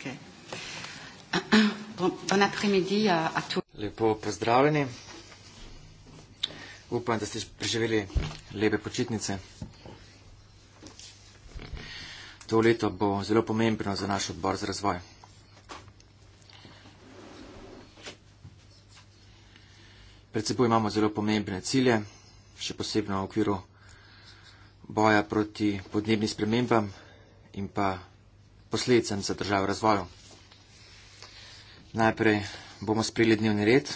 Ok. Bon, bon après-midi à, à tous. Lepo pozdravljeni. Upam, da ste preživeli lepe počitnice. To leto bo zelo pomembno za naš odbor za razvoj. Pred seboj imamo zelo pomembne cilje, še posebno v okviru boja proti podnebnim spremembam in pa posledicam za državo razvoju. Najprej bomo sprejeli dnevni red.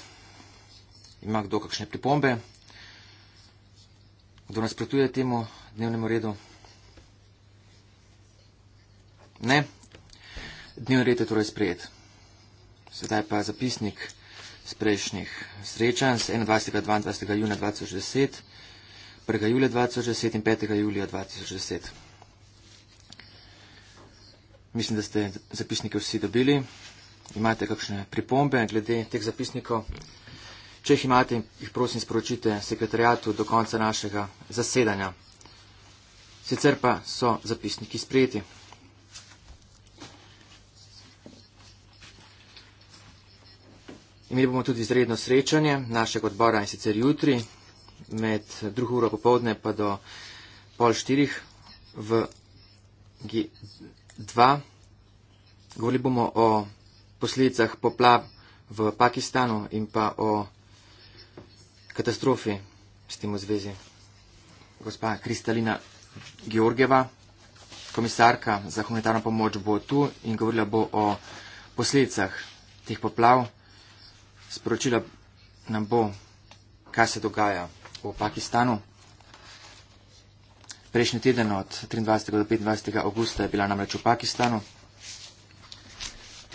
Ima kdo kakšne pripombe? Kdo nasprotuje temu dnevnemu redu? Ne. Dnevni red je torej sprejet. Sedaj pa zapisnik z prejšnjih srečanj z 21. in 22. junija 2010, 1. julija 2010 in 5. julija 2010. Mislim, da ste zapisnike vsi dobili. Imate kakšne pripombe glede teh zapisnikov? Če jih imate, jih prosim sporočite sekretarjatu do konca našega zasedanja. Sicer pa so zapisniki sprejeti. Imeli bomo tudi izredno srečanje našega odbora in sicer jutri med drugo uro popovdne pa do pol štirih v. 2. Govorili bomo o posledicah poplav v Pakistanu in pa o katastrofi s tem v zvezi. Gospa Kristalina Georgieva, komisarka za humanitarno pomoč, bo tu in govorila bo o posledicah teh poplav. Sporočila nam bo, kaj se dogaja v Pakistanu. Prejšnji teden od 23. do 25. augusta je bila namreč v Pakistanu.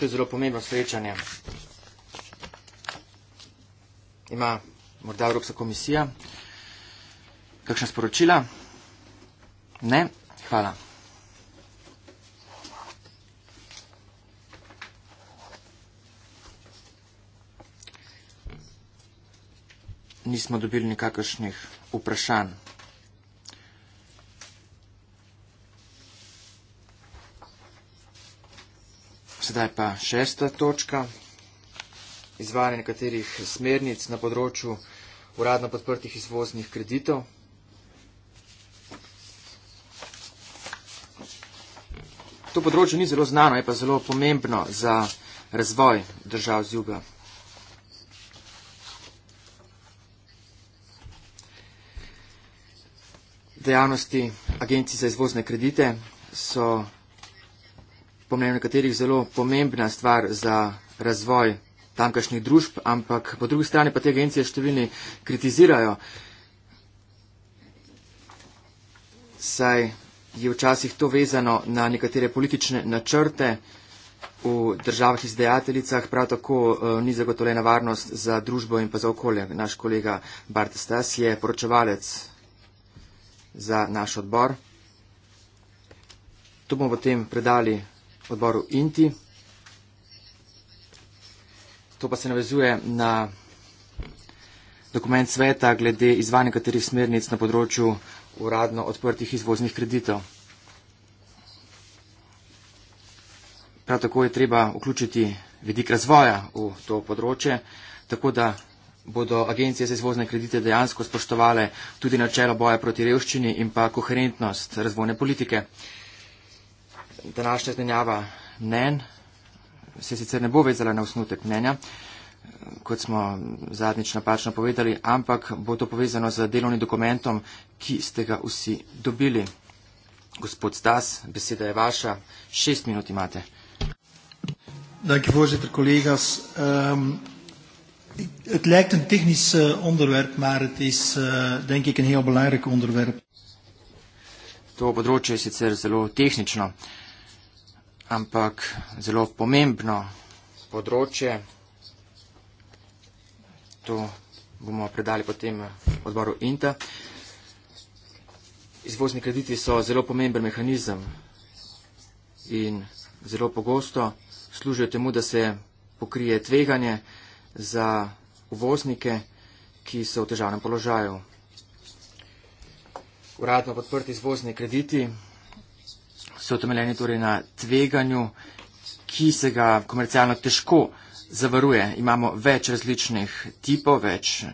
To je zelo pomembno srečanje. Ima morda Evropska komisija kakšna sporočila? Ne? Hvala. Nismo dobili nikakršnih vprašanj. sedaj pa šesta točka. Izvajanje nekaterih smernic na področju uradno podprtih izvoznih kreditov. To področje ni zelo znano, je pa zelo pomembno za razvoj držav z juga. Dejavnosti agencij za izvozne kredite so po mnenju nekaterih zelo pomembna stvar za razvoj tamkajšnjih družb, ampak po drugi strani pa te agencije številni kritizirajo. Saj je včasih to vezano na nekatere politične načrte v državah izdajateljicah, prav tako uh, ni zagotovljena varnost za družbo in pa za okolje. Naš kolega Bart Stas je poročevalec za naš odbor. To bomo potem predali odboru INTI. To pa se navezuje na dokument sveta glede izvanja katerih smernic na področju uradno odprtih izvoznih kreditov. Prav tako je treba vključiti vidik razvoja v to področje, tako da bodo agencije za izvozne kredite dejansko spoštovale tudi načelo boja proti revščini in pa koherentnost razvojne politike današnja izmenjava mnen se sicer ne bo vezala na osnutek mnenja, kot smo zadnjič napačno povedali, ampak bo to povezano z delovnim dokumentom, ki ste ga vsi dobili. Gospod Stas, beseda je vaša, šest minut imate. Dankjewel, voorzitter, collega's. Um, het lijkt een technisch uh, onderwerp, maar het is uh, denk ik een heel belangrijk onderwerp. Het onderwerp is zelo technisch ampak zelo pomembno področje. To bomo predali potem odboru INTA. Izvozni krediti so zelo pomemben mehanizem in zelo pogosto služijo temu, da se pokrije tveganje za uvoznike, ki so v težavnem položaju. Uradno podprti izvozni krediti so utemeljeni torej na tveganju, ki se ga komercialno težko zavaruje. Imamo več različnih tipov, več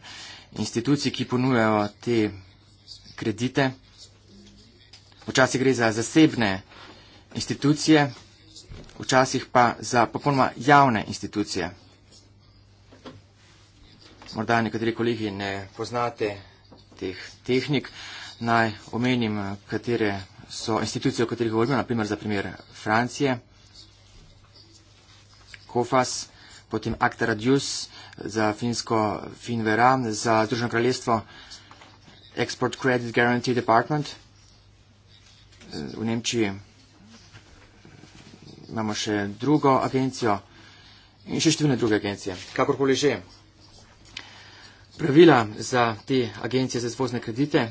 institucij, ki ponujajo te kredite. Včasih gre za zasebne institucije, včasih pa za popolnoma javne institucije. Morda nekateri kolegi ne poznate teh tehnik. Naj omenim, katere so institucije, o katerih govorimo, naprimer za primer Francije, COFAS, potem Acta Radius za finsko Finvera, za Združeno kraljestvo Export Credit Guarantee Department. V Nemčiji imamo še drugo agencijo in še številne druge agencije. Kakorkoli že, pravila za te agencije za izvozne kredite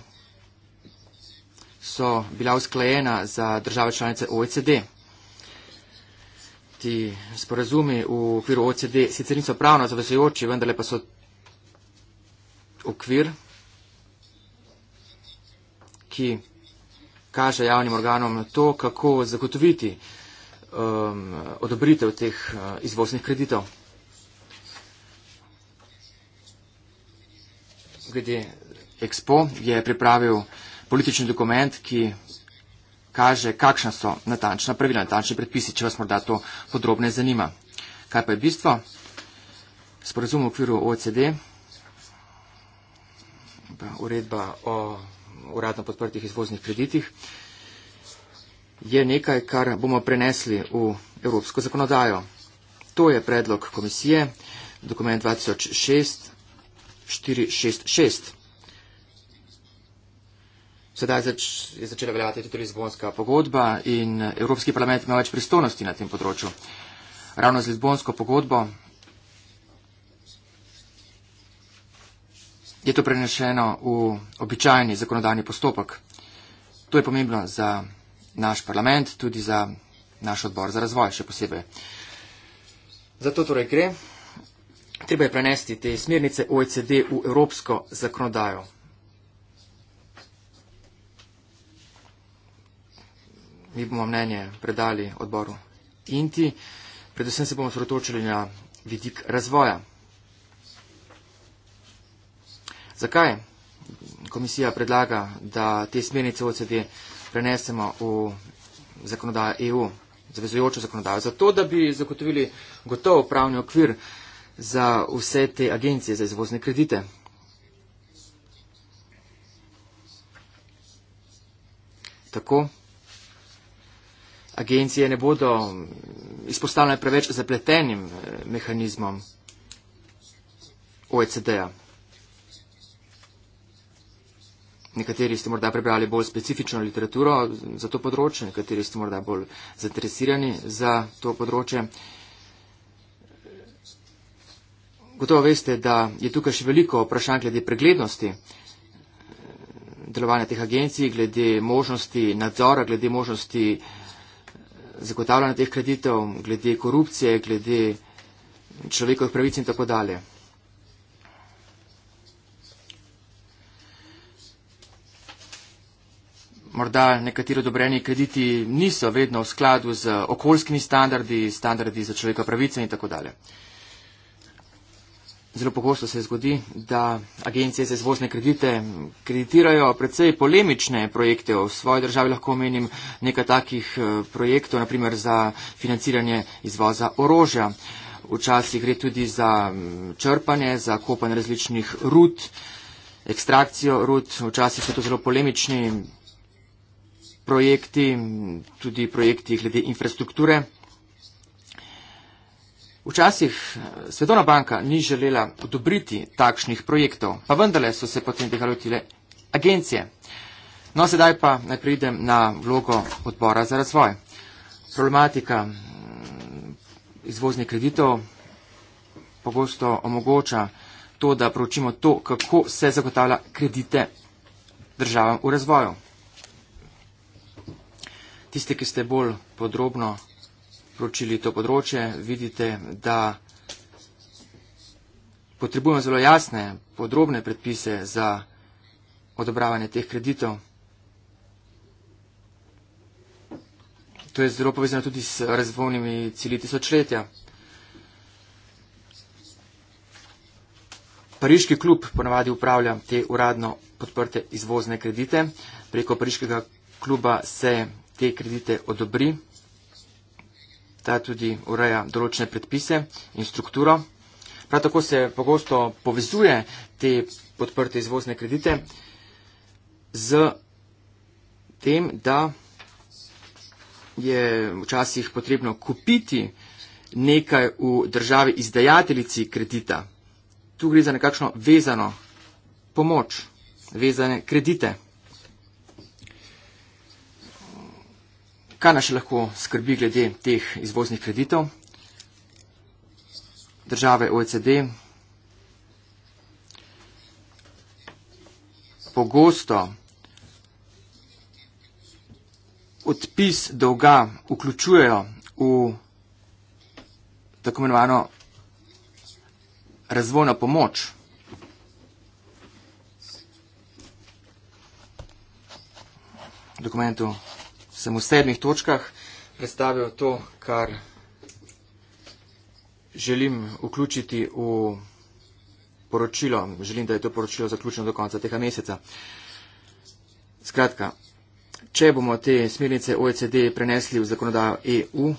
so bila usklajena za države članice OECD. Ti sporazumi v okviru OECD sicer niso pravno zavezujoči, vendar pa so okvir, ki kaže javnim organom to, kako zagotoviti um, odobritev teh uh, izvoznih kreditov. Glede Expo je pripravil uh, politični dokument, ki kaže, kakšna so natančna pravila, natančni predpisi, če vas morda to podrobne zanima. Kaj pa je bistvo? Sporazum v okviru OECD, uredba o uradno podprtih izvoznih kreditih, je nekaj, kar bomo prenesli v evropsko zakonodajo. To je predlog komisije, dokument 2006. 466. Sedaj je začela veljati tudi Lizbonska pogodba in Evropski parlament ima več pristojnosti na tem področju. Ravno z Lizbonsko pogodbo je to prenešeno v običajni zakonodajni postopek. To je pomembno za naš parlament, tudi za naš odbor za razvoj še posebej. Zato torej gre. Treba je prenesti te smernice OECD v evropsko zakonodajo. mi bomo mnenje predali odboru INTI. Predvsem se bomo sredotočili na vidik razvoja. Zakaj komisija predlaga, da te smernice OCD prenesemo v zakonodajo EU, zavezujočo zakonodajo? Zato, da bi zagotovili gotov pravni okvir za vse te agencije za izvozne kredite. Tako agencije ne bodo izpostavljene preveč zapletenim eh, mehanizmom OECD-ja. Nekateri ste morda prebrali bolj specifično literaturo za to področje, nekateri ste morda bolj zainteresirani za to področje. Gotovo veste, da je tukaj še veliko vprašanj glede preglednosti eh, delovanja teh agencij, glede možnosti nadzora, glede možnosti eh, zagotavljanja teh kreditov, glede korupcije, glede človekovih pravic in tako dalje. Morda nekateri odobreni krediti niso vedno v skladu z okoljskimi standardi, standardi za človekove pravice in tako dalje. Zelo pogosto se zgodi, da agencije za izvozne kredite kreditirajo precej polemične projekte. V svoji državi lahko omenim nekaj takih eh, projektov, naprimer za financiranje izvoza orožja. Včasih gre tudi za mm, črpanje, za kopanje različnih rud, ekstrakcijo rud. Včasih so to zelo polemični projekti, tudi projekti glede infrastrukture. Včasih eh, Svetovna banka ni želela odobriti takšnih projektov, pa vendarle so se potem tega lotile agencije. No, sedaj pa naj pridem na vlogo odbora za razvoj. Problematika mm, izvoznih kreditov pogosto omogoča to, da pročimo to, kako se zagotavlja kredite državam v razvoju. Tisti, ki ste bolj podrobno proučili to področje, vidite, da potrebujemo zelo jasne, podrobne predpise za odobravanje teh kreditov. To je zelo povezano tudi s razvojnimi cilji tisočletja. Pariški klub ponavadi upravlja te uradno podprte izvozne kredite. Preko Pariškega kluba se te kredite odobri. Ta tudi ureja določene predpise in strukturo. Prav tako se pogosto povezuje te podprte izvozne kredite z tem, da je včasih potrebno kupiti nekaj v državi izdajateljici kredita. Tu gre za nekakšno vezano pomoč, vezane kredite. Kaj nas še lahko skrbi glede teh izvoznih kreditov? Države OECD pogosto odpis dolga vključujejo v tako imenovano razvojno pomoč. dokumentu sem v sedmih točkah predstavil to, kar želim vključiti v poročilo. Želim, da je to poročilo zaključeno do konca tega meseca. Skratka, če bomo te smernice OECD prenesli v zakonodajo EU,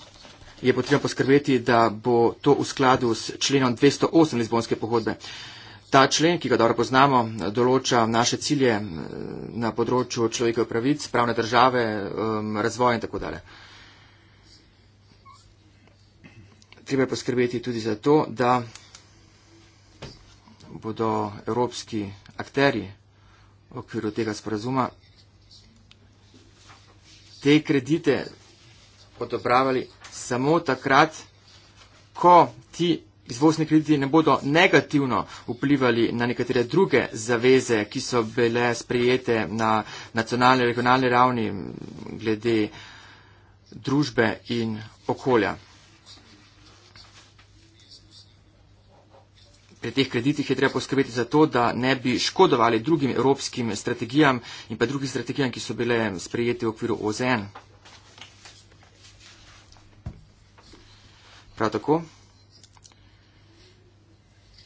je potrebno poskrbeti, da bo to v skladu s členom 208 Lizbonske pohodbe. Ta člen, ki ga dobro poznamo, določa naše cilje eh, na področju človekovih pravic, pravne države, razvoja in tako dalje. Treba je poskrbeti tudi za to, da bodo evropski akteri v okviru tega sporazuma te kredite odobravali samo takrat, ko ti Izvozni krediti ne bodo negativno vplivali na nekatere druge zaveze, ki so bile sprejete na nacionalni in regionalni ravni glede družbe in okolja. Pri teh kreditih je treba poskrbeti za to, da ne bi škodovali drugim evropskim strategijam in pa drugim strategijam, ki so bile sprejete v okviru OZN. Prav tako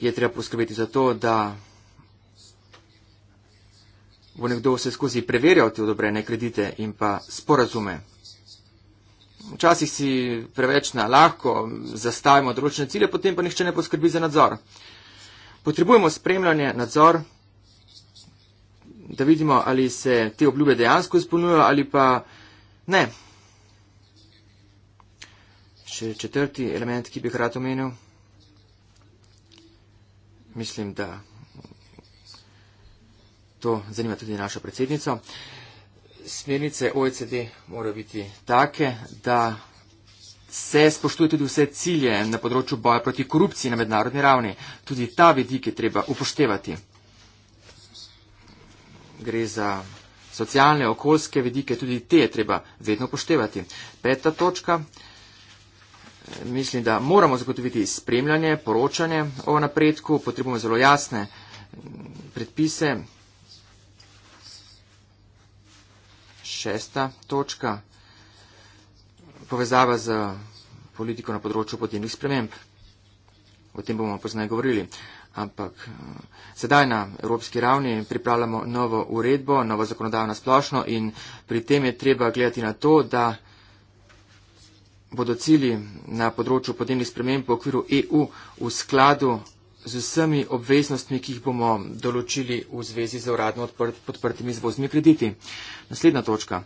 je treba poskrbeti za to, da bo nekdo vse skozi preverjal te odobrene kredite in pa sporazume. Včasih si preveč na lahko, zastavimo določene cilje, potem pa nihče ne poskrbi za nadzor. Potrebujemo spremljanje, nadzor, da vidimo, ali se te obljube dejansko izpolnjujejo ali pa ne. Še četrti element, ki bi ga rad omenil. Mislim, da to zanima tudi našo predsednico. Smernice OECD morajo biti take, da se spoštuje tudi vse cilje na področju boja proti korupciji na mednarodni ravni. Tudi ta vidik je treba upoštevati. Gre za socialne, okoljske vidike, tudi te je treba vedno upoštevati. Peta točka mislim, da moramo zagotoviti spremljanje, poročanje o napredku, potrebujemo zelo jasne predpise. Šesta točka, povezava z politiko na področju podjemnih sprememb. O tem bomo poznaj govorili. Ampak eh, sedaj na evropski ravni pripravljamo novo uredbo, novo zakonodajo na splošno in pri tem je treba gledati na to, da bodo cilji na področju podnebnih sprememb v okviru EU v skladu z vsemi obveznostmi, ki jih bomo določili v zvezi z uradno podprtimi zvozmi krediti. Naslednja točka.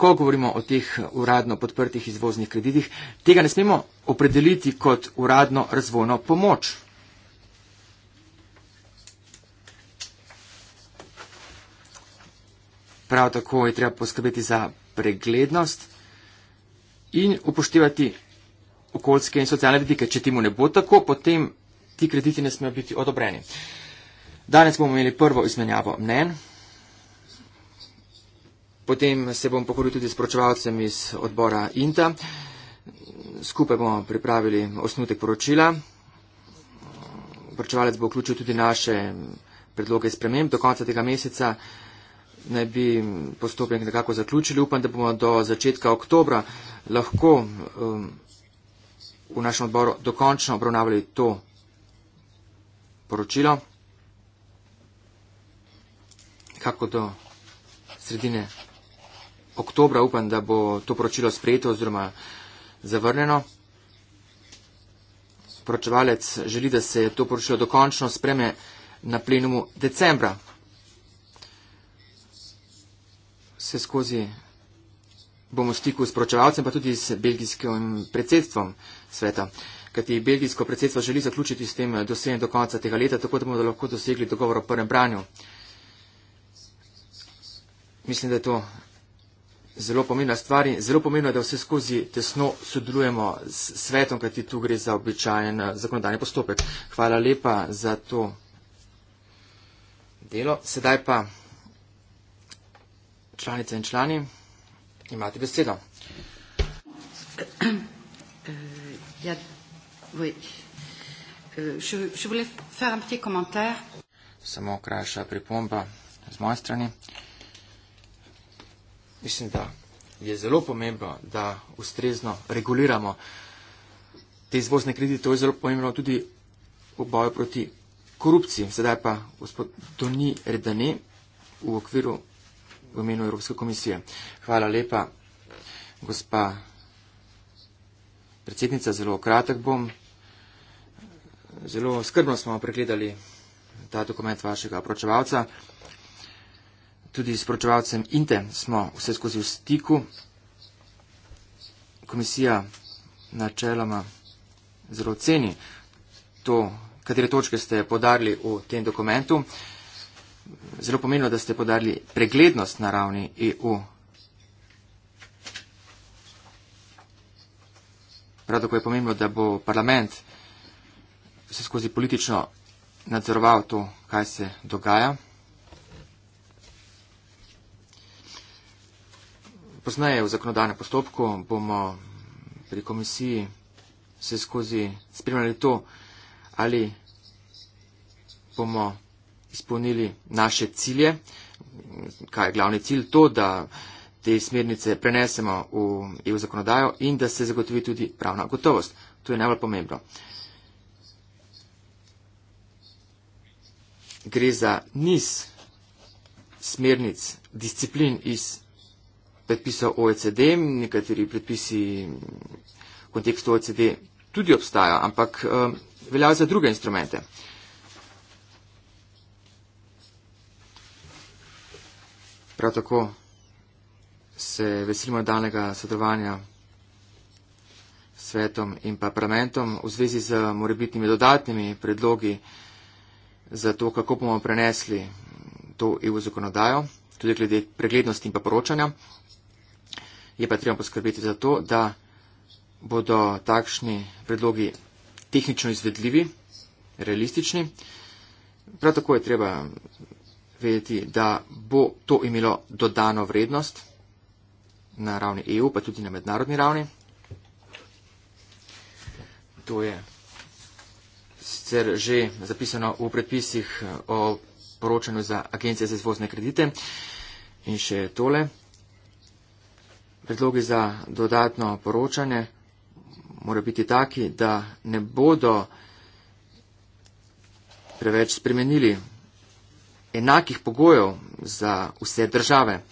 Ko govorimo o teh uradno podprtih izvoznih kreditih, tega ne smemo opredeliti kot uradno razvojno pomoč. Prav tako je treba poskrbeti za preglednost in upoštevati okoljske in socialne vidike. Če temu ne bo tako, potem ti krediti ne smejo biti odobreni. Danes bomo imeli prvo izmenjavo mnen, potem se bom pokoril tudi s pročevalcem iz odbora INTA. Skupaj bomo pripravili osnutek poročila. Pročevalec bo vključil tudi naše predloge sprememb do konca tega meseca naj bi postopek nekako zaključili. Upam, da bomo do začetka oktobra lahko um, v našem odboru dokončno obravnavali to poročilo. Kako do sredine oktobra upam, da bo to poročilo sprejeto oziroma zavrnjeno. Poročevalec želi, da se to poročilo dokončno spreme na plenumu decembra. se skozi, bomo v stiku s pročevalcem, pa tudi s belgijskim predsedstvom sveta. Kajti belgijsko predsedstvo želi zaključiti s tem dosejem do konca tega leta, tako da bomo da lahko dosegli dogovor o prvem branju. Mislim, da je to zelo pomembna stvar in zelo pomembno je, da vse skozi tesno sodelujemo s svetom, kajti tu gre za običajen eh, zakonodajni postopek. Hvala lepa za to delo. Sedaj pa članice in člani, imate besedo. Eh, ja, oui. Eh, je, je voulais faire un petit commentaire. Samo krajša pripomba z moje strani. Mislim, da je zelo pomembno, da ustrezno reguliramo te izvozne kredite. To je zelo pomembno tudi v boju proti korupciji. Sedaj pa gospod Toni Redane v okviru v imenu Evropske komisije. Hvala lepa, gospa predsednica. Zelo kratek bom. Zelo skrbno smo pregledali ta dokument vašega pročevalca. Tudi s pročevalcem INTE smo vse skozi v stiku. Komisija načeloma zelo ceni to, katere točke ste podarili v tem dokumentu zelo pomenilo, da ste podarili preglednost na ravni EU. Prav tako je pomembno, da bo parlament se skozi politično nadzoroval to, kaj se dogaja. Poznaje v zakonodajnem postopku bomo pri komisiji se skozi spremljali to, ali bomo izpolnili naše cilje. Kaj je glavni cilj? To, da te smernice prenesemo v EU zakonodajo in da se zagotovi tudi pravna gotovost. To je najbolj pomembno. Gre za niz smernic, disciplin iz predpisov OECD. Nekateri predpisi v kontekstu OECD tudi obstajajo, ampak um, veljajo za druge instrumente. Um, Prav tako se veselimo danega sodelovanja s svetom in pa parlamentom v zvezi z morebitnimi dodatnimi predlogi za to, kako bomo prenesli to EU zakonodajo, tudi glede preglednosti in pa poročanja. Je pa treba poskrbeti za to, da bodo takšni predlogi tehnično izvedljivi, realistični. Prav tako je treba vedeti, da bo to imelo dodano vrednost na ravni EU, pa tudi na mednarodni ravni. To je sicer že zapisano v predpisih eh, o poročanju za agencije za izvozne kredite in še tole. Predlogi za dodatno poročanje morajo biti taki, da ne bodo preveč spremenili enakih pogojev za vse države.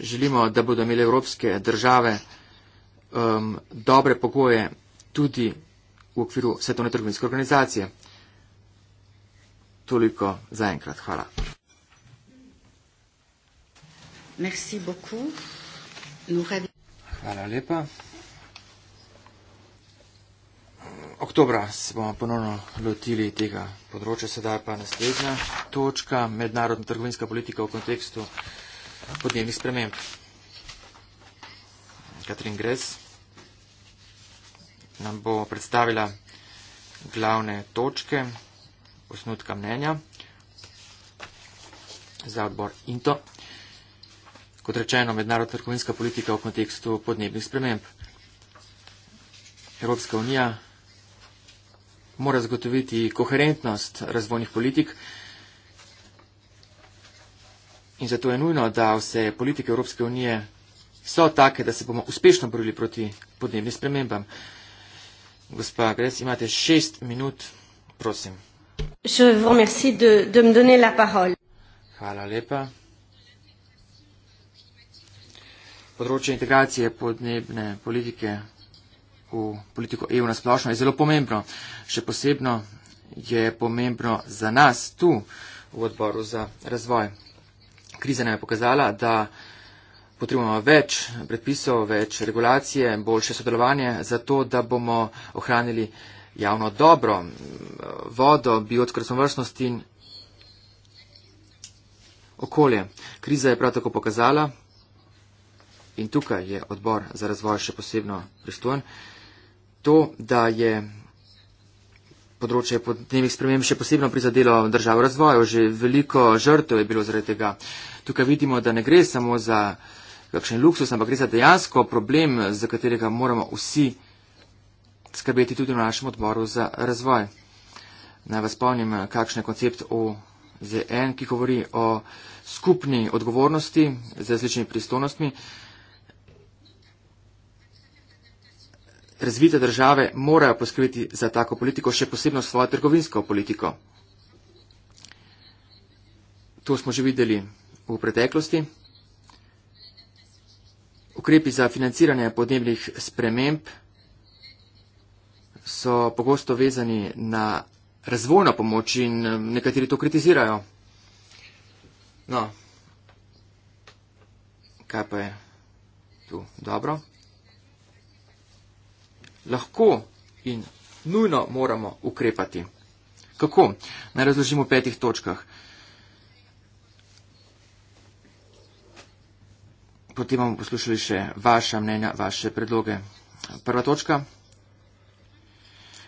Želimo, da bodo imeli evropske države um, dobre pogoje tudi v okviru svetovne trgovinske organizacije. Toliko za enkrat. Hvala. Hvala lepa oktobra se bomo ponovno lotili tega področja, sedaj pa naslednja točka, mednarodna trgovinska politika v kontekstu podnebnih sprememb. Katrin Gres nam bo predstavila glavne točke osnutka mnenja za odbor INTO. Kot rečeno, mednarodna trgovinska politika v kontekstu podnebnih sprememb. Evropska unija mora zagotoviti koherentnost razvojnih politik. In zato je nujno, da vse politike Evropske unije so take, da se bomo uspešno borili proti podnebnim spremembam. Gospa Gres, imate šest minut, prosim. Hvala lepa. Področje integracije podnebne politike v politiko EU nasplošno je zelo pomembno. Še posebno je pomembno za nas tu v odboru za razvoj. Kriza nam je pokazala, da potrebujemo več predpisov, več regulacije, boljše sodelovanje za to, da bomo ohranili javno dobro, vodo, biotsko raznovrstnost in okolje. Kriza je prav tako pokazala in tukaj je odbor za razvoj še posebno pristojen to, da je področje podnebnih sprememb še posebno prizadelo državo razvoja, že veliko žrtev je bilo zaradi tega. Tukaj vidimo, da ne gre samo za kakšen luksus, ampak gre za dejansko problem, za katerega moramo vsi skrbeti tudi na našem odboru za razvoj. Naj vas spomnim, kakšen je koncept OZN, ki govori o skupni odgovornosti z različnimi pristojnostmi. razvite države morajo poskrbeti za tako politiko, še posebno svojo trgovinsko politiko. To smo že videli v preteklosti. Ukrepi za financiranje podnebnih sprememb so pogosto vezani na razvojno pomoč in um, nekateri to kritizirajo. No, kaj pa je tu dobro? lahko in nujno moramo ukrepati. Kako? Naj razložimo v petih točkah. Potem bomo poslušali še vaša mnenja, vaše predloge. Prva točka.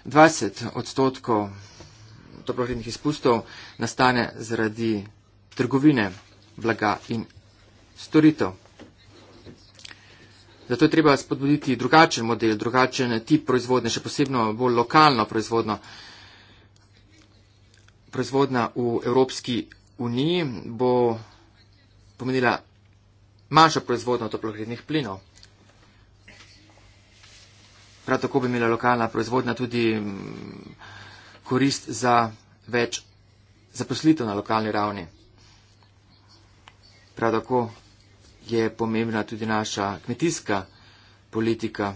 20 odstotkov toplogrednih izpustov nastane zaradi trgovine blaga in storitev. Zato je treba spodbuditi drugačen model, drugačen tip proizvodnje, še posebno bolj lokalno proizvodno. Proizvodna v Evropski uniji bo pomenila manjšo proizvodno toplogrednih plinov. Prav tako bi imela lokalna proizvodnja tudi mm, korist za več zaposlitev na lokalni ravni. Prav tako je pomembna tudi naša kmetijska politika.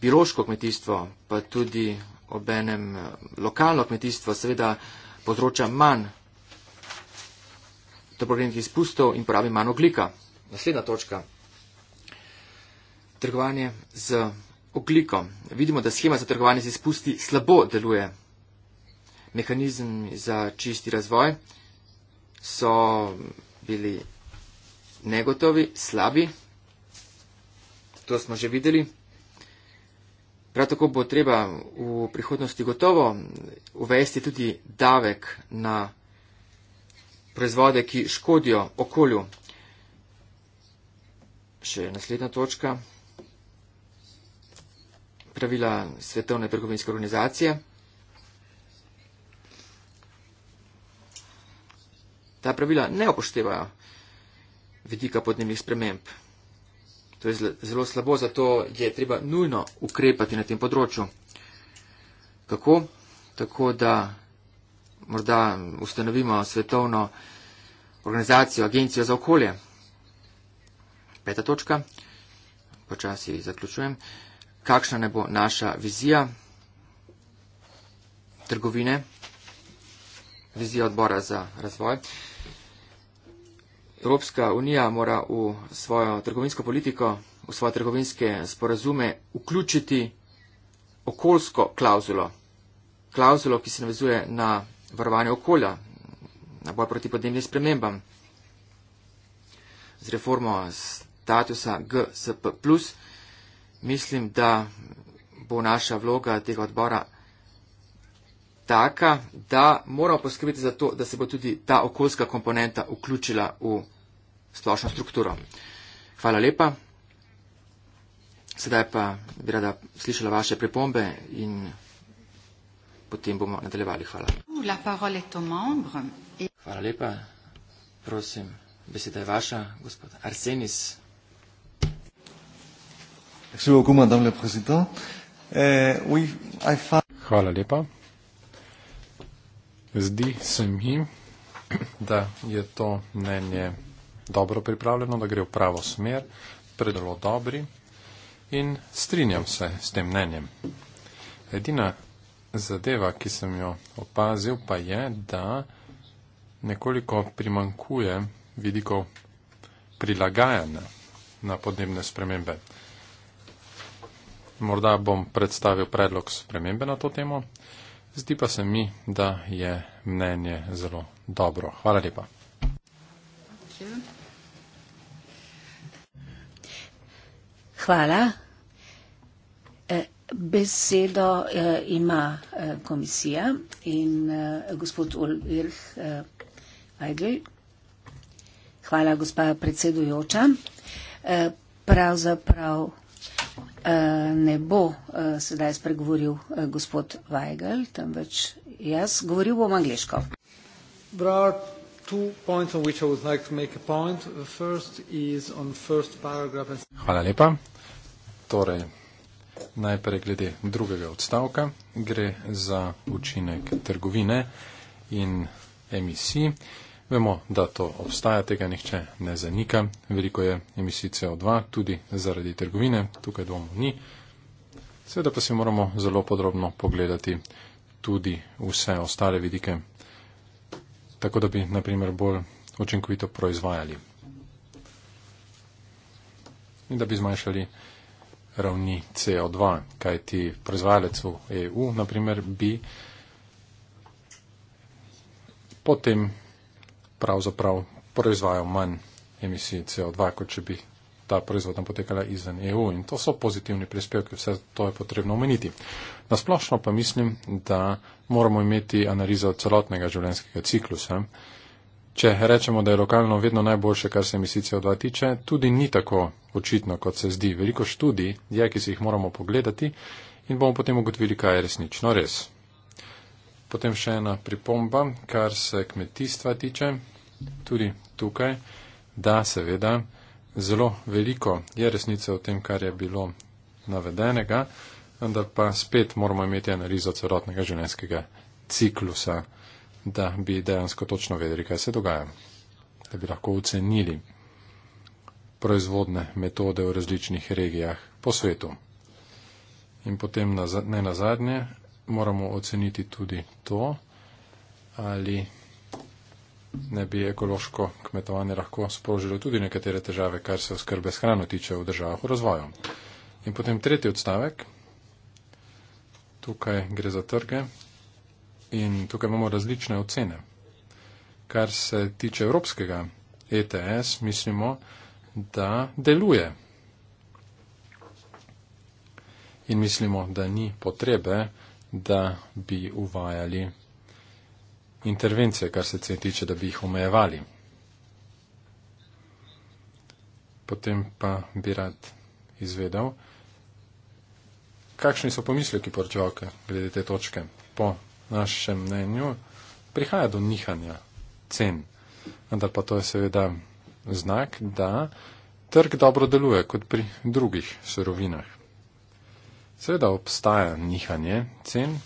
Biroško kmetijstvo, pa tudi obenem eh, lokalno kmetijstvo, seveda povzroča manj toplogrednih izpustov in porabi manj oglika. Naslednja točka. Trgovanje z oglikom. Vidimo, da schema za trgovanje z izpusti slabo deluje mehanizem za čisti razvoj, so bili negotovi, slabi. To smo že videli. Prav tako bo treba v prihodnosti gotovo uvesti tudi davek na proizvode, ki škodijo okolju. Še naslednja točka. Pravila Svetovne trgovinske organizacije. ta pravila ne upoštevajo vedika podnebnih sprememb. To je zelo slabo, zato je treba nujno ukrepati na tem področju. Kako? Tako, da morda ustanovimo svetovno organizacijo, agencijo za okolje. Peta točka, počasi zaključujem. Kakšna ne bo naša vizija trgovine, vizija odbora za razvoj? Evropska unija mora v svojo trgovinsko politiko, v svoje trgovinske sporazume vključiti okoljsko klauzulo. Klauzulo, ki se navezuje na varovanje okolja, na boj proti podnebnim spremembam. Z reformo statusa GSP, mislim, da bo naša vloga tega odbora taka, da moramo poskrbeti za to, da se bo tudi ta okoljska komponenta vključila v splošno strukturo. Hvala lepa. Sedaj pa bi rada slišala vaše pripombe in potem bomo nadaljevali. Hvala. Hvala lepa. Prosim, beseda je vaša, gospod Arsenis. Eh, Hvala lepa. Zdi se mi, da je to mnenje dobro pripravljeno, da gre v pravo smer, predelo dobri in strinjam se s tem mnenjem. Edina zadeva, ki sem jo opazil, pa je, da nekoliko primankuje vidikov prilagajanja na podnebne spremembe. Morda bom predstavil predlog spremembe na to temo. Zdi pa se mi, da je mnenje zelo dobro. Hvala lepa. Hvala. E, besedo e, ima e, komisija in gospod Ulrich Eidl. Hvala, gospa predsedujoča. Pravzaprav Eh, ne bo uh, sedaj spregovoril uh, gospod Weigel, temveč jaz govoril bom angliško. Hvala lepa. Torej, najprej glede drugega odstavka. Gre za učinek trgovine in emisij. Vemo, da to obstaja, tega nihče ne zanika. Veliko je emisij CO2 tudi zaradi trgovine, tukaj dvomov ni. Seveda pa si moramo zelo podrobno pogledati tudi vse ostale vidike, tako da bi naprimer bolj učinkovito proizvajali in da bi zmanjšali ravni CO2, kajti proizvajalec v EU naprimer bi potem pravzaprav proizvajal manj emisij CO2, kot če bi ta proizvodnja potekala izven EU. In to so pozitivni prispevki, vse to je potrebno omeniti. Nasplošno pa mislim, da moramo imeti analizo celotnega življenjskega ciklusa. Če rečemo, da je lokalno vedno najboljše, kar se emisij CO2 tiče, tudi ni tako očitno, kot se zdi. Veliko študij je, ki si jih moramo pogledati in bomo potem ugotovili, kaj je resnično res. Potem še ena pripomba, kar se kmetijstva tiče, tudi tukaj, da seveda zelo veliko je resnice o tem, kar je bilo navedenega, vendar pa spet moramo imeti analizo celotnega življenjskega ciklusa, da bi dejansko točno vedeli, kaj se dogaja, da bi lahko ocenili proizvodne metode v različnih regijah po svetu. In potem na, ne na zadnje, moramo oceniti tudi to, ali ne bi ekološko kmetovanje lahko sprožilo tudi nekatere težave, kar se oskrbe s hrano tiče v državah v razvoju. In potem tretji odstavek. Tukaj gre za trge in tukaj imamo različne ocene. Kar se tiče evropskega ETS, mislimo, da deluje. In mislimo, da ni potrebe, da bi uvajali intervencije, kar se cen tiče, da bi jih omejevali. Potem pa bi rad izvedel, kakšni so pomisleki poročevalke glede te točke. Po našem mnenju prihaja do nihanja cen, vendar pa to je seveda znak, da trg dobro deluje kot pri drugih surovinah. Seveda obstaja nihanje cen,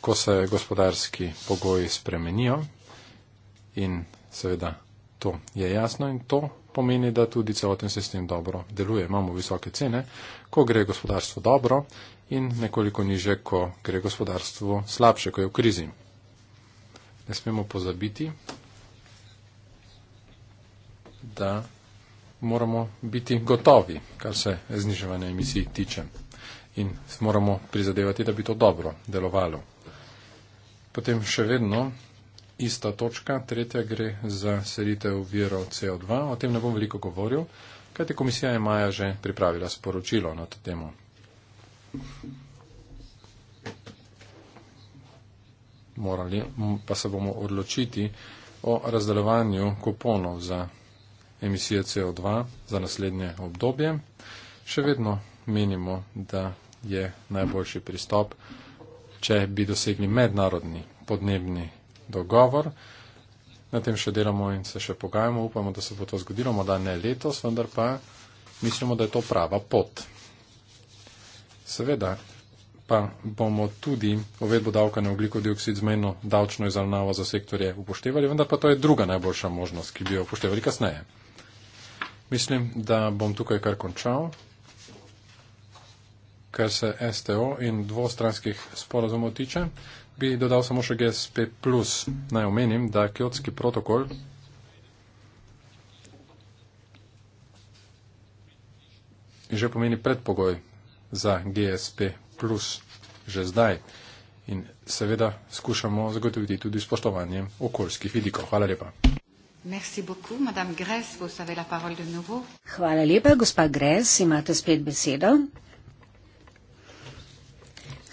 ko se gospodarski pogoji spremenijo in seveda to je jasno in to pomeni, da tudi celoten sistem dobro deluje. Imamo visoke cene, ko gre gospodarstvo dobro in nekoliko niže, ko gre gospodarstvo slabše, ko je v krizi. Ne smemo pozabiti, da moramo biti gotovi, kar se zniževanja emisij tiče in se moramo prizadevati, da bi to dobro delovalo. Potem še vedno ista točka, tretja gre za selitev virov CO2. O tem ne bom veliko govoril, kajti komisija je maja že pripravila sporočilo na to temo. Morali pa se bomo odločiti o razdelovanju kuponov za emisije CO2 za naslednje obdobje. Še vedno menimo, da je najboljši pristop. Če bi dosegli mednarodni podnebni dogovor, na tem še delamo in se še pogajamo, upamo, da se bo to zgodilo, morda ne letos, vendar pa mislimo, da je to prava pot. Seveda pa bomo tudi uvedbo davka na ugljikov dioksid zmejno davčno izravnavo za sektorje upoštevali, vendar pa to je druga najboljša možnost, ki bi jo upoštevali kasneje. Mislim, da bom tukaj kar končal kar se STO in dvostranskih sporazumov tiče, bi dodal samo še GSP. Naj omenim, da kjotski protokol že pomeni predpogoj za GSP, že zdaj. In seveda skušamo zagotoviti tudi spoštovanje okoljskih vidikov. Hvala lepa. Beaucoup, Gress, Hvala lepa, gospa Gres, imate spet besedo.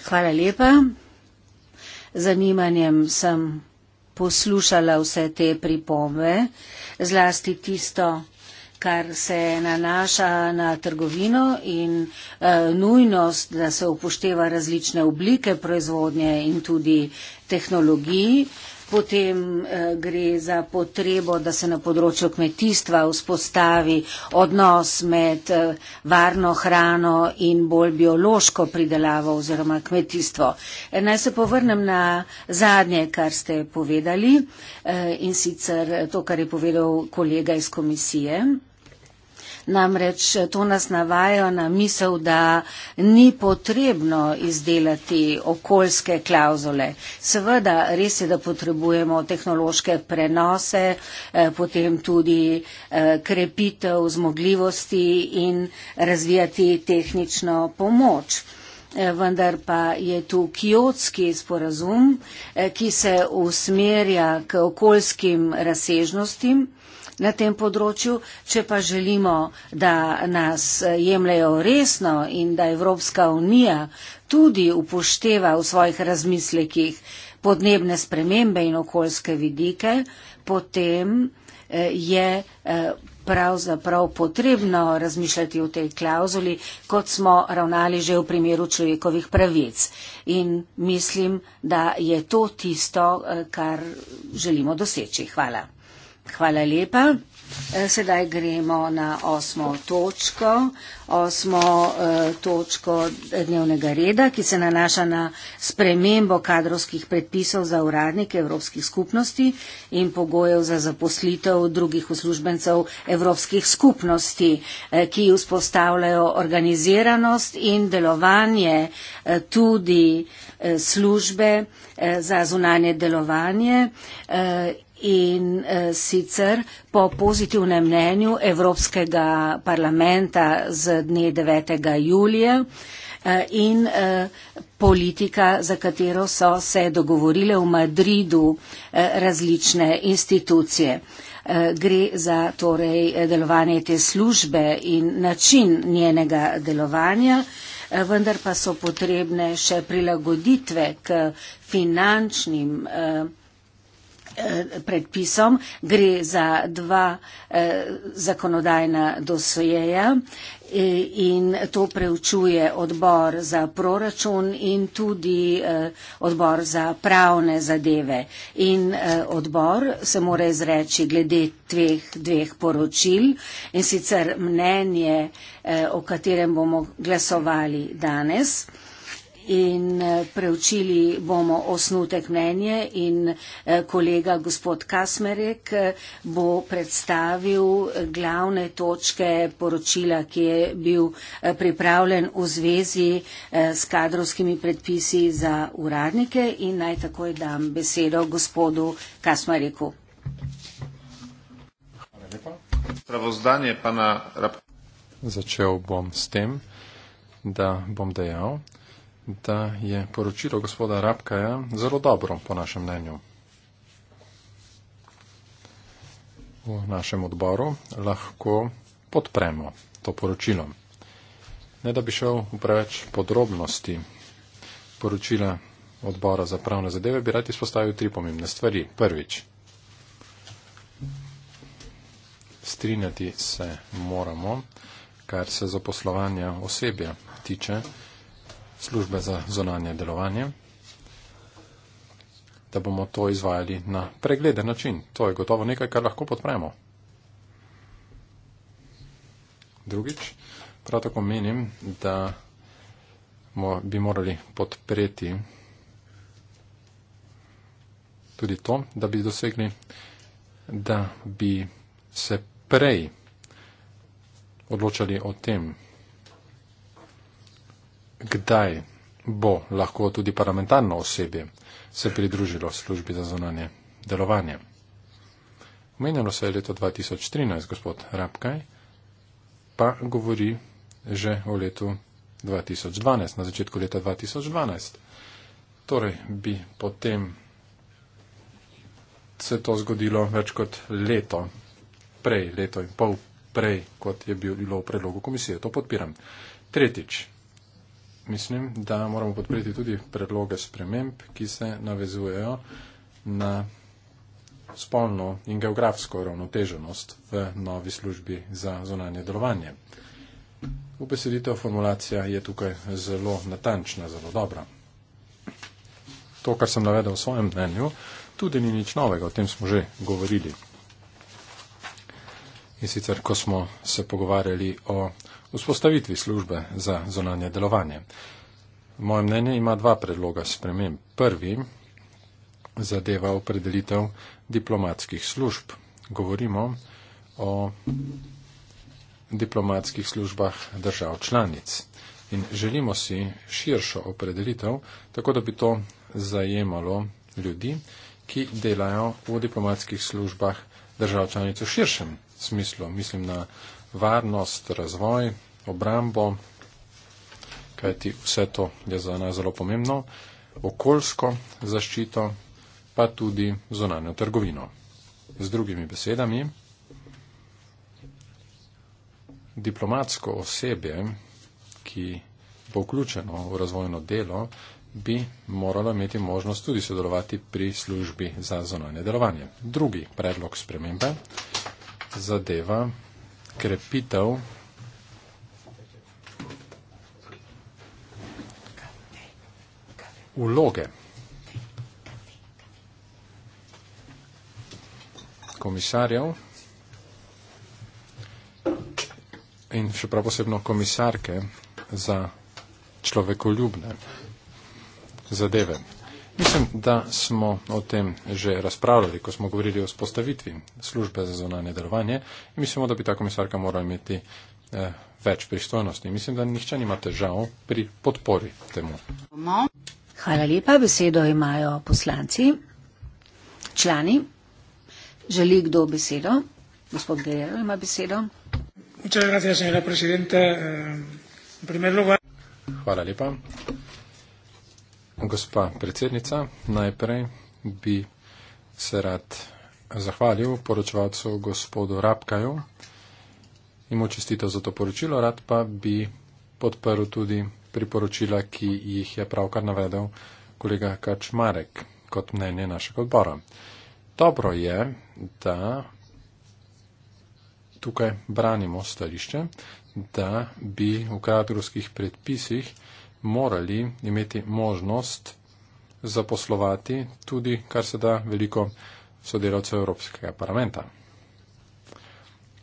Hvala lepa. Zanimanjem sem poslušala vse te pripombe, zlasti tisto, kar se nanaša na trgovino in e, nujnost, da se upošteva različne oblike proizvodnje in tudi tehnologiji potem eh, gre za potrebo, da se na področju kmetijstva vzpostavi odnos med eh, varno hrano in bolj biološko pridelavo oziroma kmetijstvo. E, naj se povrnem na zadnje, kar ste povedali eh, in sicer eh, to, kar je povedal kolega iz komisije namreč eh, to nas navajo na misel, da ni potrebno izdelati okoljske klauzule. Seveda res je, da potrebujemo tehnološke prenose, eh, potem tudi eh, krepitev zmogljivosti in razvijati tehnično pomoč. Vendar pa je tu kiotski sporazum, ki se usmerja k okoljskim razsežnostim na tem področju. Če pa želimo, da nas eh, jemljajo resno in da Evropska unija tudi upošteva v svojih razmislekih podnebne spremembe in okoljske vidike, potem eh, je eh, pravzaprav potrebno razmišljati o tej klauzuli, kot smo ravnali že v primeru človekovih pravic. In mislim, da je to tisto, kar želimo doseči. Hvala. Hvala lepa. E, sedaj gremo na osmo točko, osmo e, točko dnevnega reda, ki se nanaša na spremembo kadrovskih predpisov za uradnike evropskih skupnosti in pogojev za zaposlitev drugih uslužbencev evropskih skupnosti, e, ki vzpostavljajo organiziranost in delovanje tudi službe za zunanje delovanje in uh, sicer po pozitivnem mnenju Evropskega parlamenta z dne 9. julija uh, in uh, politika, za katero so se dogovorile v Madridu uh, različne institucije. Gre za torej delovanje te službe in način njenega delovanja, vendar pa so potrebne še prilagoditve k finančnim eh, Eh, predpisom, gre za dva eh, zakonodajna dosojeja eh, in to preučuje odbor za proračun in tudi eh, odbor za pravne zadeve. In eh, odbor se mora izreči glede tveh, dveh poročil in sicer mnenje, eh, o katerem bomo glasovali danes in eh, preučili bomo osnutek mnenje in eh, kolega gospod Kasmerek eh, bo predstavil glavne točke poročila, ki je bil pripravljen v zvezi s kadrovskimi predpisi za uradnike in naj takoj dam besedo gospodu Kasmereku. Začel bom s tem, da bom dejal, da je poročilo gospoda Rabkaja zelo dobro, po našem mnenju. V našem odboru lahko podpremo to poročilo. Ne da bi šel v preveč podrobnosti poročila odbora za pravne zadeve, bi rad izpostavil tri pomembne stvari. Prvič, strinjati se moramo, kar se zaposlovanja osebja tiče, službe za zonanje delovanje, da bomo to izvajali na pregleden način. To je gotovo nekaj, kar lahko podpremo. Drugič, prav tako menim, da bi morali podpreti tudi to, da bi dosegli, da bi se prej odločali o tem, kdaj bo lahko tudi parlamentarno osebje se pridružilo službi za zunanje delovanje. Omenjalo se je leto 2013, gospod Rabkaj, pa govori že o letu 2012, na začetku leta 2012. Torej bi potem se to zgodilo več kot leto prej, leto in pol prej, kot je bilo v predlogu komisije. To podpiram. Tretjič, mislim, da moramo podpreti tudi predloge sprememb, ki se navezujejo na spolno in geografsko ravnoteženost v novi službi za zonanje delovanje. Upeseditev formulacija je tukaj zelo natančna, zelo dobra. To, kar sem navedel v svojem mnenju, tudi ni nič novega, o tem smo že govorili. In sicer, ko smo se pogovarjali o vzpostavitvi službe za zonanje delovanje. Moje mnenje ima dva predloga sprememb. Prvi zadeva opredelitev diplomatskih služb. Govorimo o diplomatskih službah držav članic. In želimo si širšo opredelitev, tako da bi to zajemalo ljudi, ki delajo v diplomatskih službah držav članic v širšem smislu. Mislim na varnost, razvoj, obrambo, kajti vse to je za nas zelo pomembno, okoljsko zaščito, pa tudi zonanjo trgovino. Z drugimi besedami, diplomatsko osebje, ki bo vključeno v razvojno delo, bi moralo imeti možnost tudi sodelovati pri službi za zonanje delovanje. Drugi predlog spremembe zadeva krepitev. Uloge komisarjev in še prav posebno komisarke za človekoljubne zadeve. Mislim, da smo o tem že razpravljali, ko smo govorili o spostavitvi službe za zonanje delovanje in mislimo, da bi ta komisarka morala imeti eh, več pristojnosti. Mislim, da nihče nima težav pri podpori temu. Hvala lepa. Besedo imajo poslanci, člani. Želi kdo besedo? Gospod Gerero ima besedo. Eh, Hvala lepa. Gospa predsednica, najprej bi se rad zahvalil poročevalcu gospodu Rapkaju in mu čestitev za to poročilo, rad pa bi podprl tudi priporočila, ki jih je pravkar navedel kolega Kačmarek kot mnenje našega odbora. Dobro je, da tukaj branimo stališče, da bi v kadrovskih predpisih morali imeti možnost zaposlovati tudi kar se da veliko sodelavcev Evropskega parlamenta.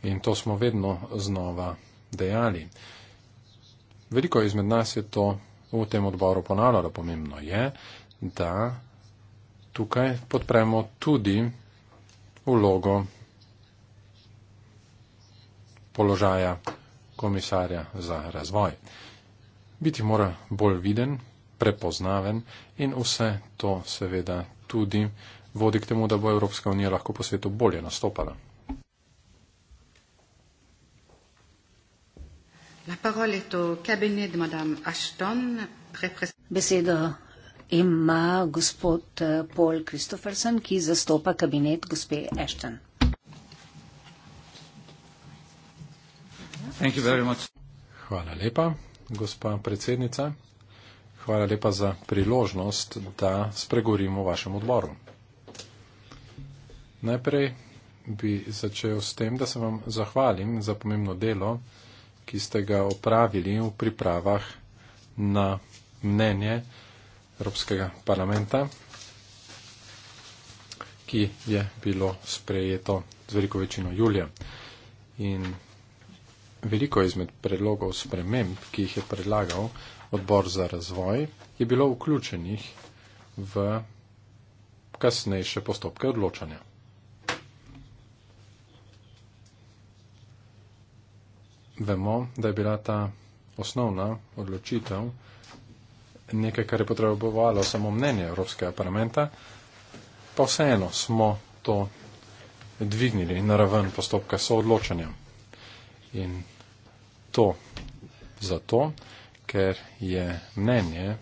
In to smo vedno znova dejali. Veliko izmed nas je to v tem odboru ponavljalo. Pomembno je, da tukaj podpremo tudi vlogo položaja komisarja za razvoj biti mora bolj viden, prepoznaven in vse to seveda tudi vodi k temu, da bo Evropska unija lahko po svetu bolje nastopala. Besedo ima gospod eh, Paul Kristofersen, ki zastopa kabinet gospe Ashton. Hvala lepa gospa predsednica. Hvala lepa za priložnost, da spregovorimo o vašem odboru. Najprej bi začel s tem, da se vam zahvalim za pomembno delo, ki ste ga opravili v pripravah na mnenje Evropskega parlamenta, ki je bilo sprejeto z veliko večino julija. In Veliko izmed predlogov sprememb, ki jih je predlagal odbor za razvoj, je bilo vključenih v kasnejše postopke odločanja. Vemo, da je bila ta osnovna odločitev nekaj, kar je potrebovalo samo mnenje Evropskega parlamenta, pa vseeno smo to dvignili na raven postopka soodločanja. In to zato, ker je mnenje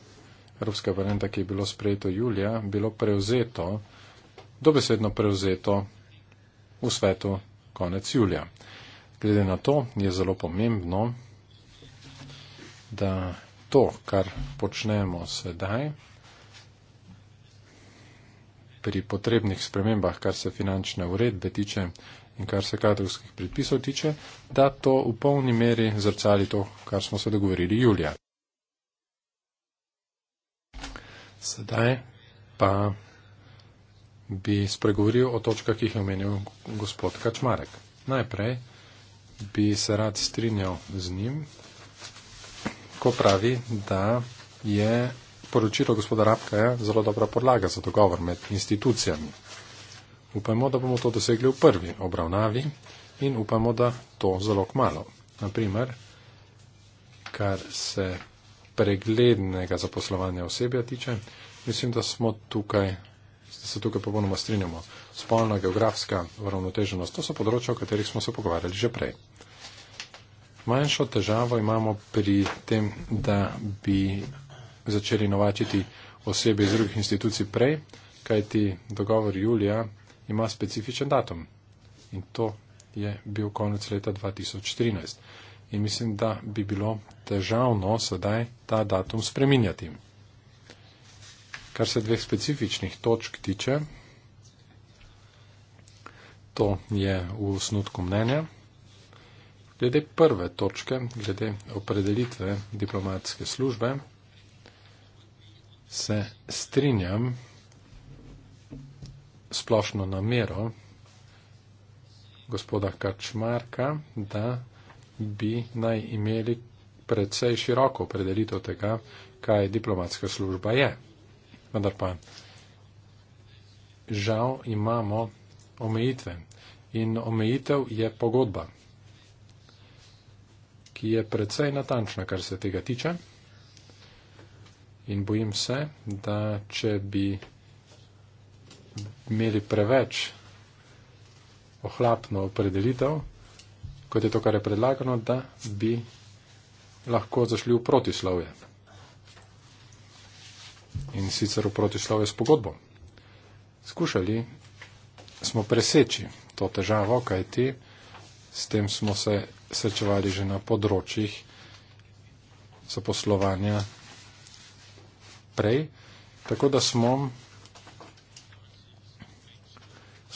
Evropskega parlamenta, ki je bilo sprejeto julija, bilo prevzeto, dobesedno prevzeto v svetu konec julija. Glede na to je zelo pomembno, da to, kar počnemo sedaj, pri potrebnih spremembah, kar se finančne uredbe tiče, in kar se kadrovskih predpisov tiče, da to v polni meri zrcali to, kar smo se dogovorili julija. Sedaj pa bi spregovoril o točkah, ki jih je omenil gospod Kačmarek. Najprej bi se rad strinjal z njim, ko pravi, da je poročilo gospoda Rabkaja zelo dobra podlaga za dogovor med institucijami. Upajmo, da bomo to dosegli v prvi obravnavi in upajmo, da to zelo kmalo. Naprimer, kar se preglednega zaposlovanja osebja tiče, mislim, da smo tukaj, da se tukaj popolnoma strinjamo. Spolna, geografska, uravnoteženost, to so področja, o katerih smo se pogovarjali že prej. Manjšo težavo imamo pri tem, da bi začeli novačiti osebe iz drugih institucij prej, kajti dogovor Julija ima specifičen datum. In to je bil konec leta 2013. In mislim, da bi bilo težavno sedaj ta datum spreminjati. Kar se dveh specifičnih točk tiče, to je v osnutku mnenja. Glede prve točke, glede opredelitve diplomatske službe, se strinjam, splošno namero gospoda Kačmarka, da bi naj imeli predvsej široko opredelitev tega, kaj diplomatska služba je. Vendar pa žal imamo omejitve in omejitev je pogodba, ki je predvsej natančna, kar se tega tiče. In bojim se, da če bi imeli preveč ohlapno opredelitev, kot je to, kar je predlagano, da bi lahko zašli v protislovje. In sicer v protislovje s pogodbo. Skušali smo preseči to težavo, kajti s tem smo se srečevali že na področjih zaposlovanja prej, tako da smo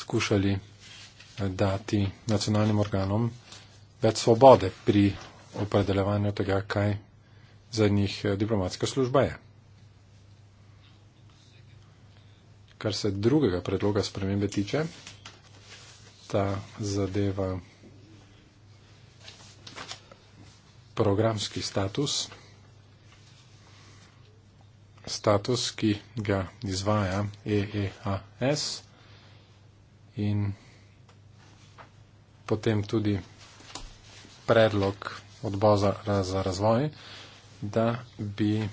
skušali eh, dati nacionalnim organom več svobode pri opredeljevanju tega, kaj za njih eh, diplomatska služba je. Kar se drugega predloga spremembe tiče, ta zadeva programski status, status, ki ga izvaja EEAS. -E, e in potem tudi predlog odbora za razvoj, da bi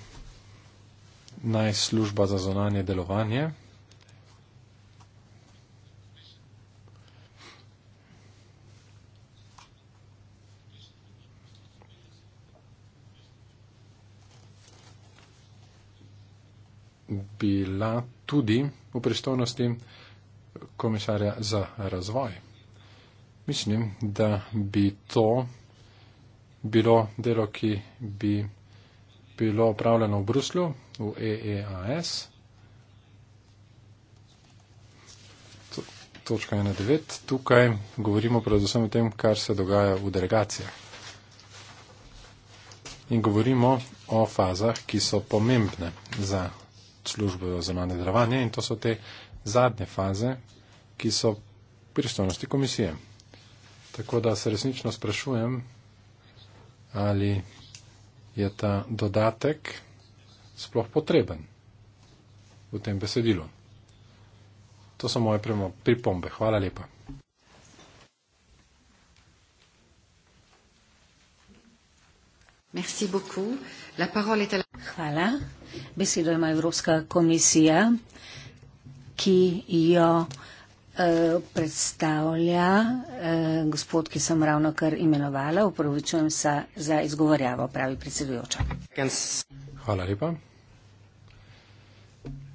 naj služba za zonanje delovanje bila tudi v pristojnosti komisarja za razvoj. Mislim, da bi to bilo delo, ki bi bilo upravljeno v Bruslju, v EEAS. Točka 1.9. Tukaj govorimo predvsem o tem, kar se dogaja v delegacijah. In govorimo o fazah, ki so pomembne za službo za manj delovanje in to so te zadnje faze, ki so pristojnosti komisije. Tako da se resnično sprašujem, ali je ta dodatek sploh potreben v tem besedilu. To so moje premo pripombe. Hvala lepa. Merci beaucoup. La parole est à la... Hvala. Besedo ima Evropska komisija ki jo eh, predstavlja eh, gospod, ki sem ravno kar imenovala. Upravičujem se za izgovorjavo, pravi predsedujoča. Hvala lepa.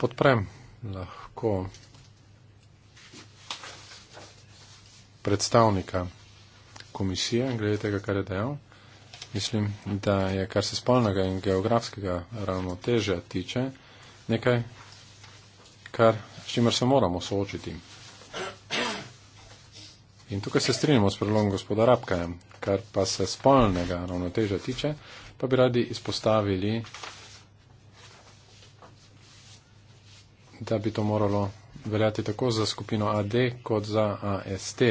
Podprem lahko predstavnika komisije, glede tega, kar je dejal. Mislim, da je, kar se spolnega in geografskega ravnotežja tiče, nekaj, kar s čimer se moramo soočiti. In tukaj se strinjamo s predlogom gospoda Rabkaja, kar pa se spolnega ravnoteža tiče, pa bi radi izpostavili, da bi to moralo veljati tako za skupino AD kot za AST.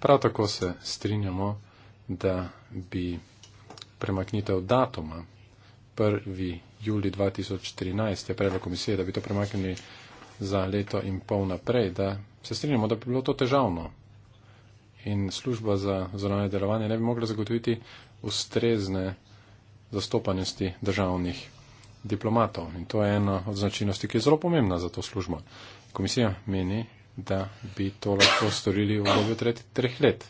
Prav tako se strinjamo, da bi premaknitev datuma 1. juli 2013, je predlog komisije, da bi to premaknili za leto in pol naprej, da se strinjamo, da bi bilo to težavno in služba za zonanje delovanje ne bi mogla zagotoviti ustrezne zastopanosti državnih diplomatov. In to je ena od značilnosti, ki je zelo pomembna za to službo. Komisija meni, da bi to lahko storili v obdobju treh let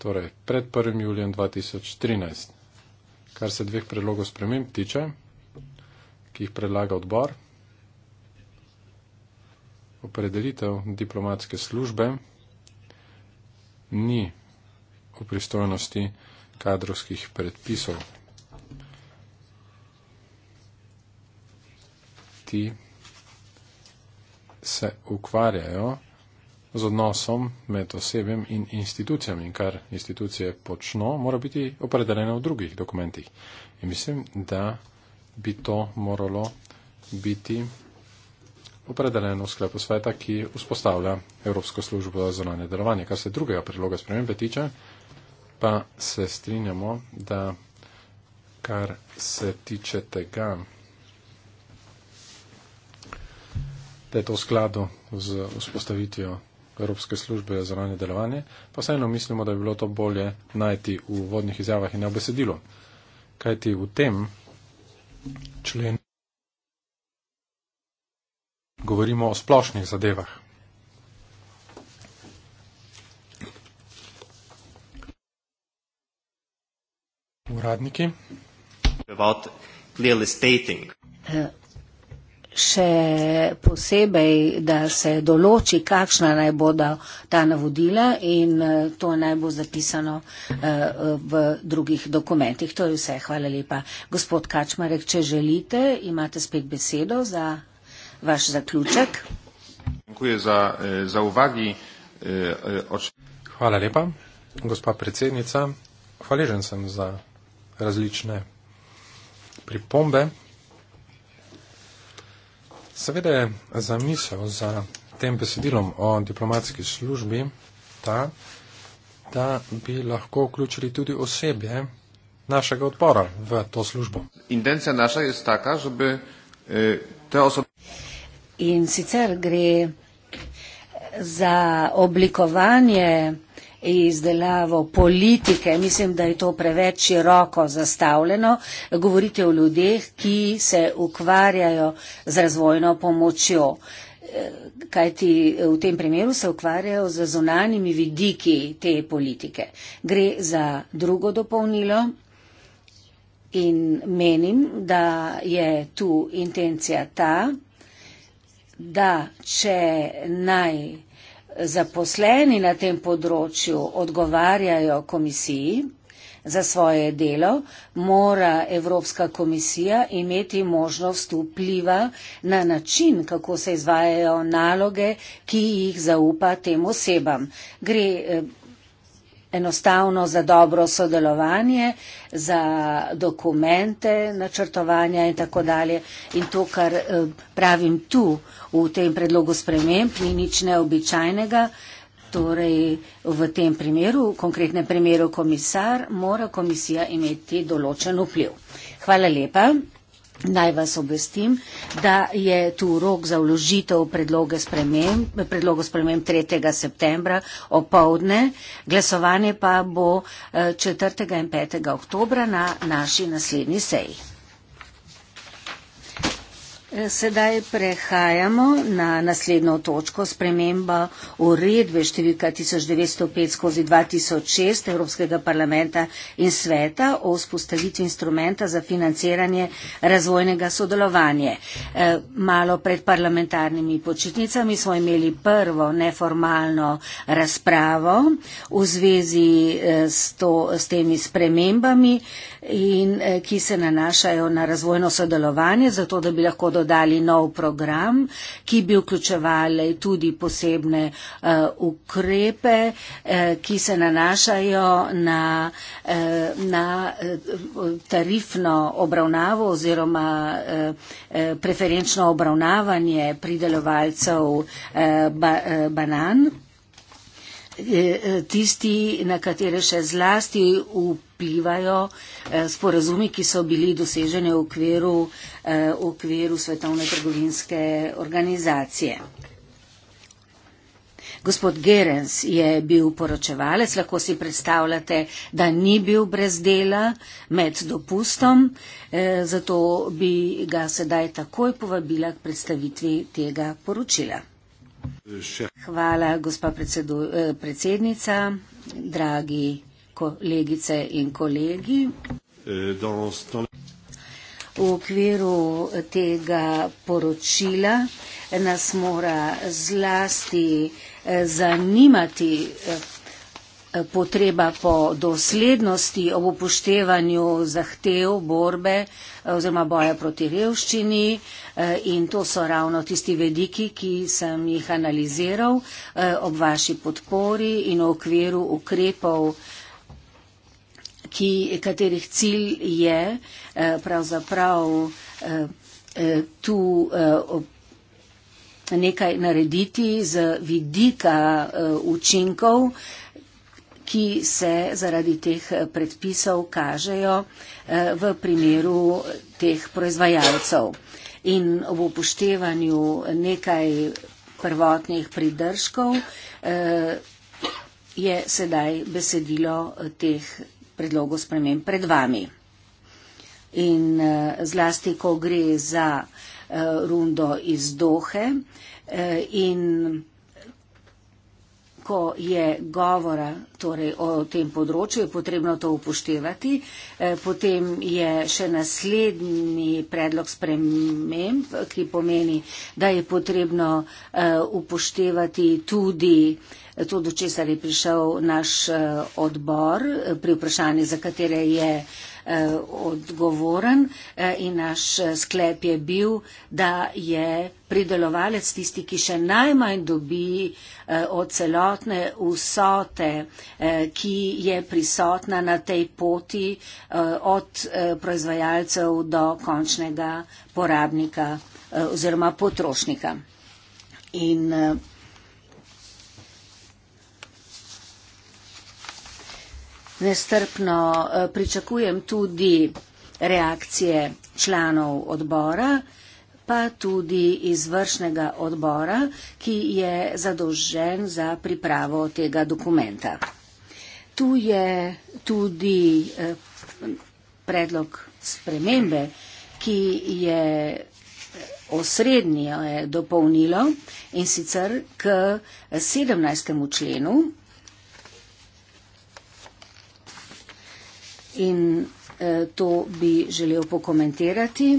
torej pred 1. julijem 2013. Kar se dveh predlogov spremem tiče, ki jih predlaga odbor, opredelitev diplomatske službe ni v pristojnosti kadrovskih predpisov. Ti se ukvarjajo z odnosom med osebjem in institucijami. In kar institucije počno, mora biti opredeljeno v drugih dokumentih. In mislim, da bi to moralo biti opredeljeno v sklepu sveta, ki vzpostavlja Evropsko službo za zonanje delovanje. Kar se drugega predloga spremembe tiče, pa se strinjamo, da kar se tiče tega, da je to v skladu z vzpostavitvijo Evropske službe za ranje delovanje, pa vseeno mislimo, da bi bilo to bolje najti v vodnih izjavah in ne v besedilu. Kaj ti v tem členu govorimo o splošnih zadevah? Uradniki še posebej, da se določi, kakšna naj bodo ta navodila in eh, to naj bo zapisano eh, v drugih dokumentih. To je vse. Hvala lepa. Gospod Kačmarek, če želite, imate spet besedo za vaš zaključek. Za, e, za uvagi, e, e, oč... Hvala lepa, gospa predsednica. Hvaležen sem za različne pripombe. Seveda je zamisel za tem besedilom o diplomatski službi ta, da bi lahko vključili tudi osebje našega odbora v to službo. Intencija naša je taka, da bi e, te osebe. In sicer gre za oblikovanje izdelavo politike, mislim, da je to preveč široko zastavljeno. Govorite o ljudeh, ki se ukvarjajo z razvojno pomočjo. Kajti v tem primeru se ukvarjajo z zunanimi vidiki te politike. Gre za drugo dopolnilo in menim, da je tu intencija ta, da če naj zaposleni na tem področju odgovarjajo komisiji za svoje delo, mora Evropska komisija imeti možnost vpliva na način, kako se izvajajo naloge, ki jih zaupa tem osebam. Gre eh, enostavno za dobro sodelovanje, za dokumente, načrtovanja in tako dalje. In to, kar eh, pravim tu v tem predlogu sprememb, ni nič neobičajnega. Torej, v tem primeru, v konkretnem primeru komisar, mora komisija imeti določen vpliv. Hvala lepa. Naj vas obvestim, da je tu rok za vložitev predloga sprememb 3. septembra opovdne, glasovanje pa bo 4. Eh, in 5. oktobra na naši naslednji seji. Eh, sedaj prehajamo na naslednjo točko, sprememba uredbe številka 1905 skozi 2006 Evropskega parlamenta in sveta o vzpostavitvi instrumenta za financiranje razvojnega sodelovanja. Eh, malo pred parlamentarnimi počitnicami smo imeli prvo neformalno razpravo v zvezi eh, s, to, s temi spremembami, in, ki se nanašajo na razvojno sodelovanje, zato da bi lahko dobro dodali nov program, ki bi vključevali tudi posebne uh, ukrepe, uh, ki se nanašajo na, uh, na tarifno obravnavo oziroma uh, preferenčno obravnavanje pridelovalcev uh, ba, uh, banan. Tisti, na katere še zlasti upravljamo, vplivajo eh, sporazumi, ki so bili doseženi v okviru, eh, v okviru Svetovne trgovinske organizacije. Gospod Gerens je bil poročevalec, lahko si predstavljate, da ni bil brez dela med dopustom, eh, zato bi ga sedaj takoj povabila k predstavitvi tega poročila. Hvala, gospa predsednica, dragi kolegice in kolegi. Eh, v okviru tega poročila nas mora zlasti eh, zanimati eh, potreba po doslednosti ob upoštevanju zahtev borbe oziroma boja proti revščini in to so ravno tisti vediki, ki sem jih analiziral ob vaši podpori in v okviru ukrepov ki, katerih cilj je eh, pravzaprav eh, eh, tu nekaj narediti z vidika učinkov, ki se zaradi teh predpisov kažejo v primeru teh proizvajalcev. In ob upoštevanju nekaj prvotnih pridržkov je sedaj besedilo teh predpisov predlogu spremem pred vami. In eh, zlasti, ko gre za eh, rundo iz Dohe eh, in ko je govora torej, o tem področju, je potrebno to upoštevati. Potem je še naslednji predlog sprememb, ki pomeni, da je potrebno upoštevati tudi to, do česar je prišel naš eh, odbor eh, pri vprašanju, za katere je eh, odgovoren in naš sklep je bil, da je pridelovalec tisti, ki še najmanj dobi od celotne vsote, ki je prisotna na tej poti od proizvajalcev do končnega porabnika oziroma potrošnika. In, uh... nestrpno eh, pričakujem tudi reakcije članov odbora, pa tudi izvršnega odbora, ki je zadolžen za pripravo tega dokumenta. Tu je tudi eh, predlog spremembe, ki je eh, osrednje dopolnilo in sicer k 17. členu in eh, to bi želel pokomentirati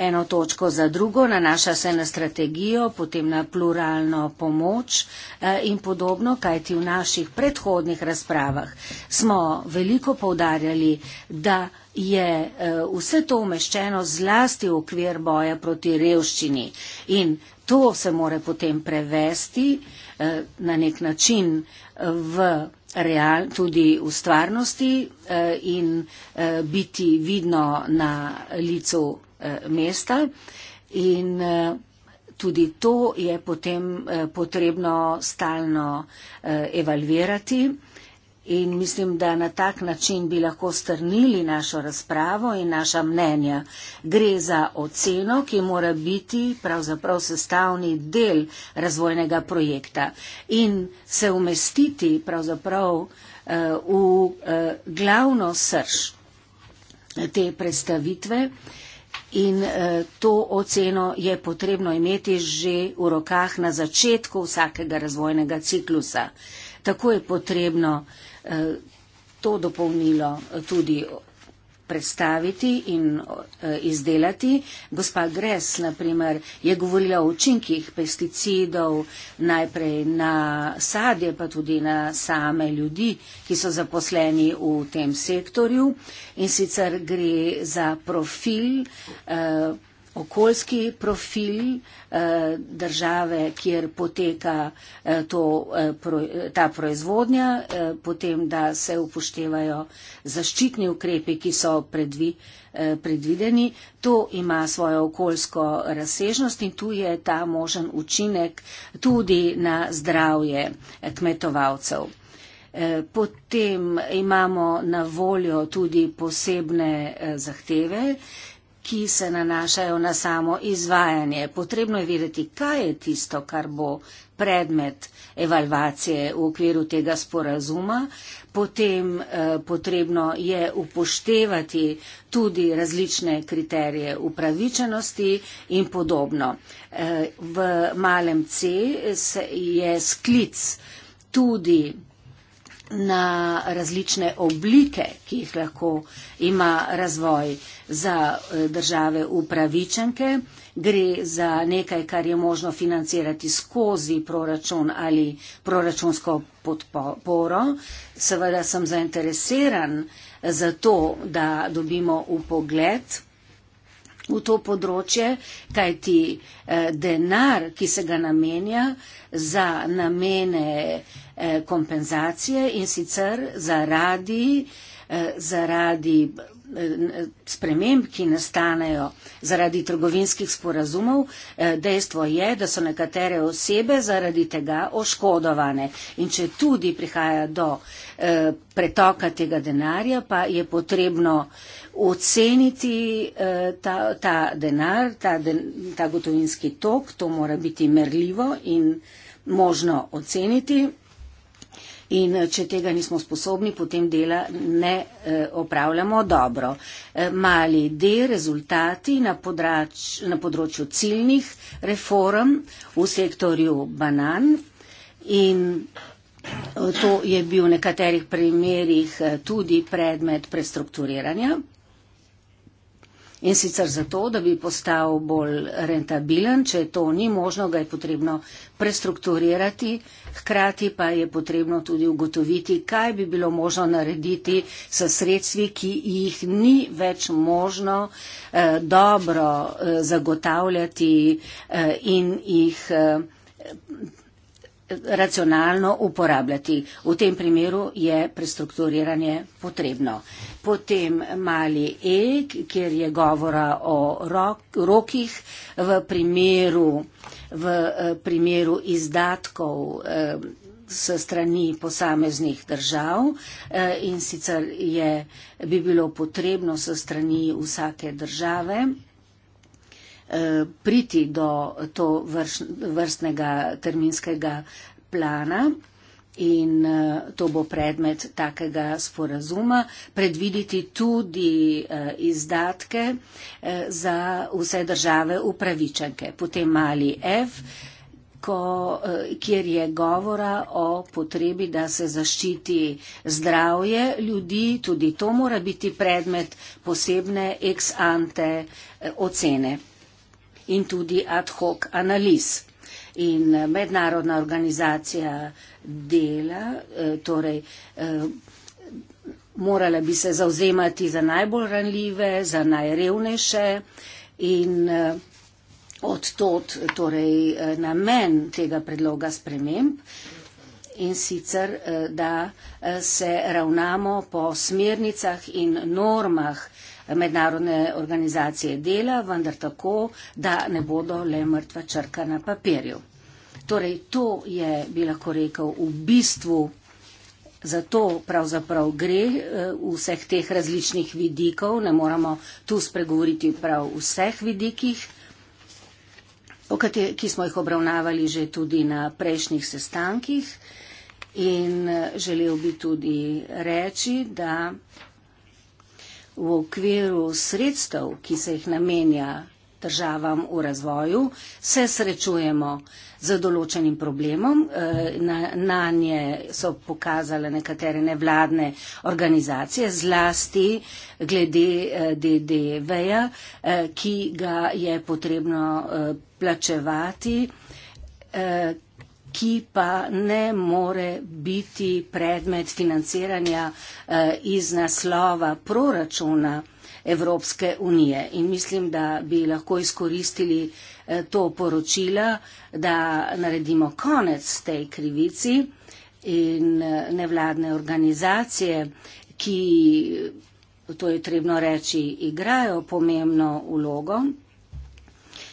eno točko za drugo, nanaša se na strategijo, potem na pluralno pomoč eh, in podobno, kajti v naših predhodnih razpravah smo veliko povdarjali, da je eh, vse to umeščeno zlasti v okvir boja proti revščini in to se more potem prevesti eh, na nek način v real, tudi v stvarnosti in biti vidno na licu Eh, mesta. In eh, tudi to je potem eh, potrebno stalno evalvirati. In mislim, da na tak način bi lahko strnili našo razpravo in naša mnenja. Gre za oceno, ki mora biti pravzaprav sestavni del razvojnega projekta in se umestiti pravzaprav uh, v uh, glavno srž te predstavitve. Uh, in eh, to oceno je potrebno imeti že v rokah na začetku vsakega razvojnega ciklusa. Tako je potrebno eh, to dopolnilo tudi predstaviti in eh, izdelati. Gospa Gres, naprimer, je govorila o učinkih pesticidov najprej na sadje, pa tudi na same ljudi, ki so zaposleni v tem sektorju. In sicer gre za profil. Uh, okoljski profil eh, države, kjer poteka eh, to, eh, ta proizvodnja, potem, da se upoštevajo zaščitni ukrepi, ki so predvi, predvideni. To ima svojo okoljsko razsežnost in tu je ta možen učinek tudi na zdravje kmetovalcev. Potem imamo na voljo tudi posebne zahteve, ki se nanašajo na samo izvajanje. Potrebno je vedeti, kaj je tisto, kar bo predmet evalvacije v okviru tega sporazuma. Potem eh, potrebno je upoštevati tudi različne kriterije upravičenosti in podobno. Eh, v malem C je sklic tudi na različne oblike, ki jih lahko ima razvoj za eh, države upravičenke. Gre za nekaj, kar je možno financirati skozi proračun ali proračunsko podporo. Seveda sem zainteresiran za to, da dobimo upogled v to področje, kajti eh, denar, ki se ga namenja za namene Eh, kompenzacije in sicer zaradi, eh, zaradi eh, sprememb, ki nastanejo zaradi trgovinskih sporazumov. Dejstvo je, da so nekatere osebe zaradi tega oškodovane. In če tudi prihaja do pretoka tega denarja, pa je potrebno oceniti ta, ta denar, ta, den, ta gotovinski tok. To mora biti merljivo in možno oceniti. In eh, če tega nismo sposobni, potem dela ne eh, opravljamo dobro. Eh, mali D, rezultati na, podrač, na področju ciljnih reform v sektorju banan. In to je bil v nekaterih primerjih tudi predmet prestrukturiranja. In sicer zato, da bi postal bolj rentabilen, če to ni možno, ga je potrebno prestrukturirati, hkrati pa je potrebno tudi ugotoviti, kaj bi bilo možno narediti s sredstvi, ki jih ni več možno eh, dobro eh, zagotavljati eh, in jih. Eh, racionalno uporabljati. V tem primeru je prestrukturiranje potrebno. Potem mali e, kjer je govora o rokih v primeru, v eh, primeru izdatkov eh, s strani posameznih držav eh, in sicer je, bi bilo potrebno s strani vsake države Eh, priti do to vrš, vrstnega terminskega plana in eh, to bo predmet takega sporazuma, predviditi tudi eh, izdatke za vse države upravičenke, potem mali F, ko, kjer je govora o potrebi, da se zaščiti zdravje ljudi, tudi to mora biti predmet posebne ex ante ocene in tudi ad hoc analiz. In eh, mednarodna organizacija dela, eh, torej eh, morala bi se zauzemati za najbolj ranljive, za najrevnejše in odtot torej namen tega predloga sprememb in sicer, da se ravnamo po smernicah in normah, mednarodne organizacije dela, vendar tako, da ne bodo le mrtva črka na papirju. Torej, to je, bi lahko rekel, v bistvu. Zato pravzaprav gre eh, vseh teh različnih vidikov, ne moramo tu spregovoriti prav vseh vidikih, ki smo jih obravnavali že tudi na prejšnjih sestankih in eh, želel bi tudi reči, da v okviru sredstev, ki se jih namenja državam v razvoju, se srečujemo z določenim problemom. Eh, na, na nje so pokazale nekatere nevladne organizacije, zlasti glede eh, DDV-ja, eh, ki ga je potrebno plačevati ki pa ne more biti predmet financiranja eh, iz naslova proračuna Evropske unije. In mislim, da bi lahko izkoristili eh, to poročilo, da naredimo konec tej krivici in eh, nevladne organizacije, ki, to je trebno reči, igrajo pomembno vlogo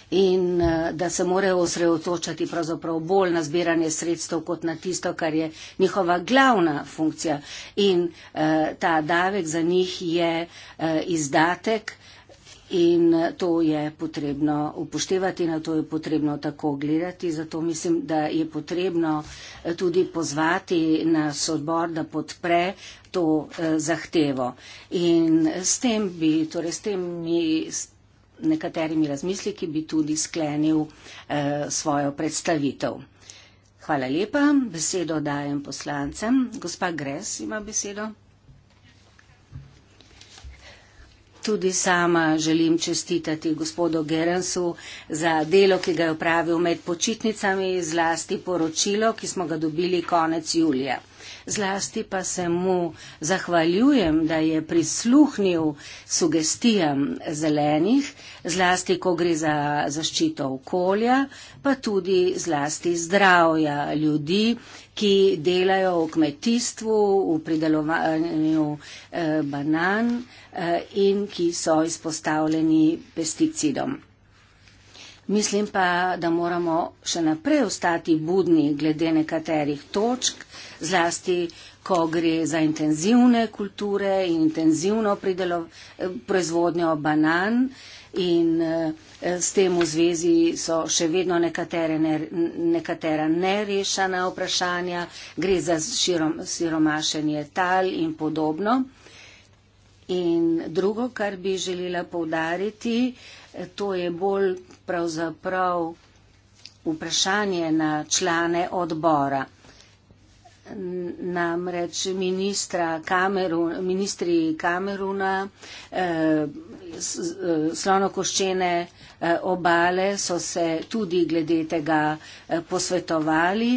in eh, da se morajo osredotočati pravzaprav bolj na zbiranje sredstev kot na tisto, kar je njihova glavna funkcija. In eh, ta davek za njih je eh, izdatek in eh, to je potrebno upoštevati, na to je potrebno tako gledati. Zato mislim, da je potrebno eh, tudi pozvati nas odbor, da podpre to eh, zahtevo. In s tem bi, torej s tem mi. S tem nekaterimi razmisliki bi tudi sklenil eh, svojo predstavitev. Hvala lepa. Besedo dajem poslancem. Gospa Gres ima besedo. Tudi sama želim čestitati gospodu Gerensu za delo, ki ga je upravil med počitnicami, zlasti poročilo, ki smo ga dobili konec julija zlasti pa se mu zahvaljujem, da je prisluhnil sugestijam zelenih, zlasti ko gre za zaščito okolja, pa tudi zlasti zdravja ljudi, ki delajo v kmetijstvu, v pridelovanju eh, banan eh, in ki so izpostavljeni pesticidom. Mislim pa, da moramo še naprej ostati budni glede nekaterih točk, zlasti, ko gre za intenzivne kulture in intenzivno pridelo, proizvodnjo banan in eh, s tem v zvezi so še vedno nekatere, ne, nekatera nerešena vprašanja, gre za širom, siromašenje tal in podobno. In drugo, kar bi želela povdariti, eh, to je bolj pravzaprav vprašanje na člane odbora. Namreč Kameru, ministri Kameruna, eh, eh, slonokoščene obale so se tudi glede tega posvetovali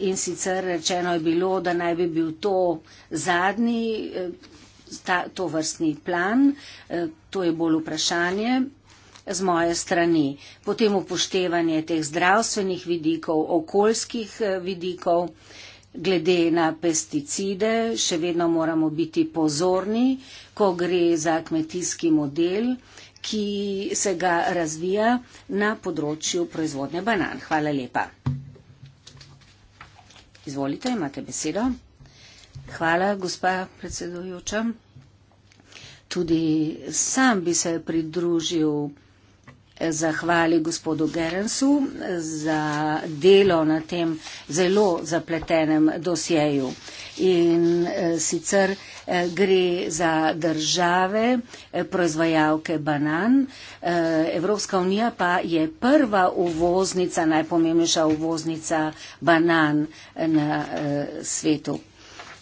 in sicer rečeno je bilo, da naj bi bil to zadnji ta, to vrstni plan, eh, to je bolj vprašanje z moje strani. Potem upoštevanje teh zdravstvenih vidikov, okoljskih eh, vidikov, glede na pesticide, še vedno moramo biti pozorni, ko gre za kmetijski model, ki se ga razvija na področju proizvodnje banan. Hvala lepa. Izvolite, imate besedo. Hvala, gospa predsedujoča. Tudi sam bi se pridružil eh, zahvali gospodu Gerensu za delo na tem zelo zapletenem dosjeju. In eh, sicer eh, gre za države, proizvajalke banan. Evropska unija pa je prva uvoznica, najpomembnejša uvoznica banan na svetu.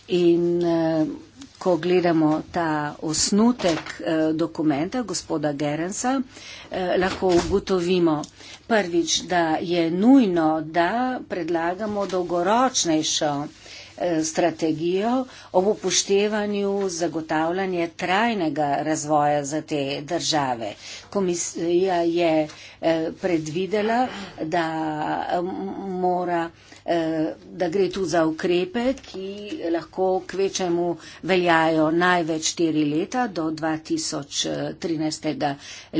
In uh, ko gledamo ta osnutek uh, dokumenta gospoda Gerensa, uh, lahko ugotovimo prvič, da je nujno, da predlagamo dolgoročnejšo strategijo ob upoštevanju zagotavljanja trajnega razvoja za te države. Komisija je predvidela, da mora Eh, da gre tu za ukrepe, ki lahko k večjemu veljajo največ 4 leta do 2013.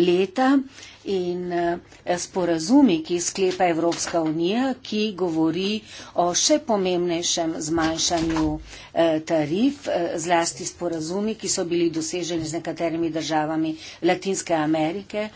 leta in eh, sporazumi, ki sklepa Evropska unija, ki govori o še pomembnejšem zmanjšanju eh, tarif, eh, zlasti sporazumi, ki so bili doseženi z nekaterimi državami Latinske Amerike,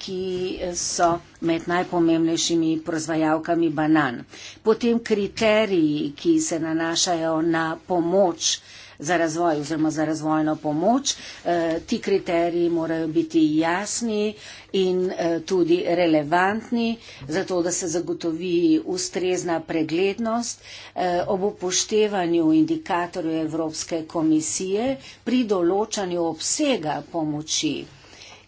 ki so med najpomembnejšimi proizvajalkami banan. Potem kriteriji, ki se nanašajo na pomoč, za razvoj oziroma za razvojno pomoč. Eh, ti kriteriji morajo biti jasni in eh, tudi relevantni, zato da se zagotovi ustrezna preglednost eh, ob upoštevanju indikatorjev Evropske komisije pri določanju obsega pomoči.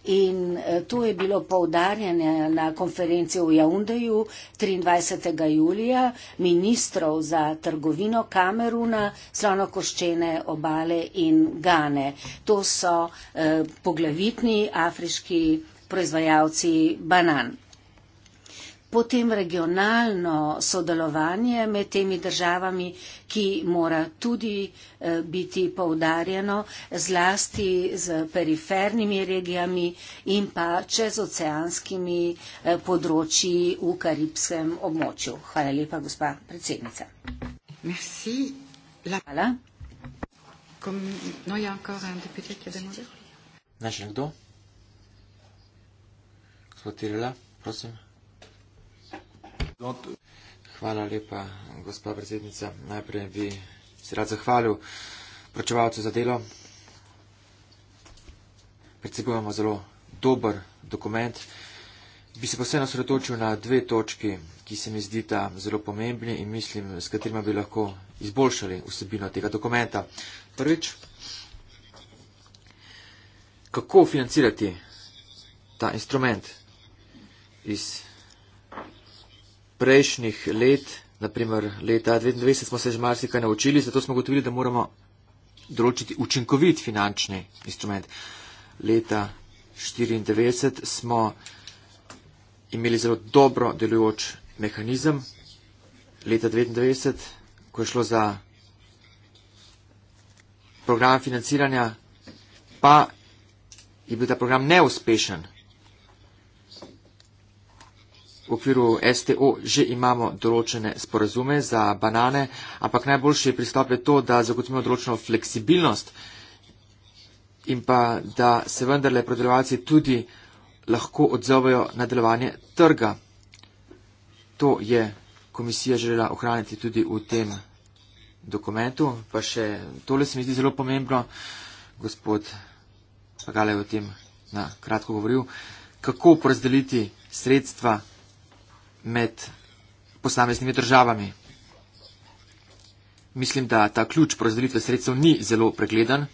In eh, to je bilo povdarjanje na konferenci v Jaundeju 23. julija ministrov za trgovino Kameruna, slonokoščene obale in gane. To so eh, poglavitni afriški proizvajalci banan potem regionalno sodelovanje med temi državami, ki mora tudi eh, biti poudarjeno zlasti z perifernimi regijami in pa čezoceanskimi eh, področji v karibskem območju. Hvala lepa, gospa predsednica. Merci. La... Hvala. Kom... No, Janko, Naš nekdo? Hvala, prosim. Hvala lepa, gospa predsednica. Najprej bi se rad zahvalil pročevalcu za delo. Predsegujemo zelo dober dokument. Bi se posebno sredotočil na dve točki, ki se mi zdita zelo pomembni in mislim, s katerima bi lahko izboljšali vsebino tega dokumenta. Prvič, kako financirati ta instrument iz prejšnjih let, naprimer leta 2020, smo se že marsikaj naučili, zato smo gotovili, da moramo določiti učinkovit finančni instrument. Leta 1994 smo imeli zelo dobro delujoč mehanizem, leta 1992, ko je šlo za program financiranja, pa je bil ta program neuspešen v okviru STO že imamo določene sporazume za banane, ampak najboljši pristop je to, da zagotovimo določeno fleksibilnost in pa da se vendarle prodelovalci tudi lahko odzovejo na delovanje trga. To je komisija želela ohraniti tudi v tem dokumentu. Pa še tole se mi zdi zelo pomembno, gospod Pagale je o tem na kratko govoril, kako porazdeliti sredstva med posameznimi državami. Mislim, da ta ključ porazdelitve sredstev ni zelo pregledan.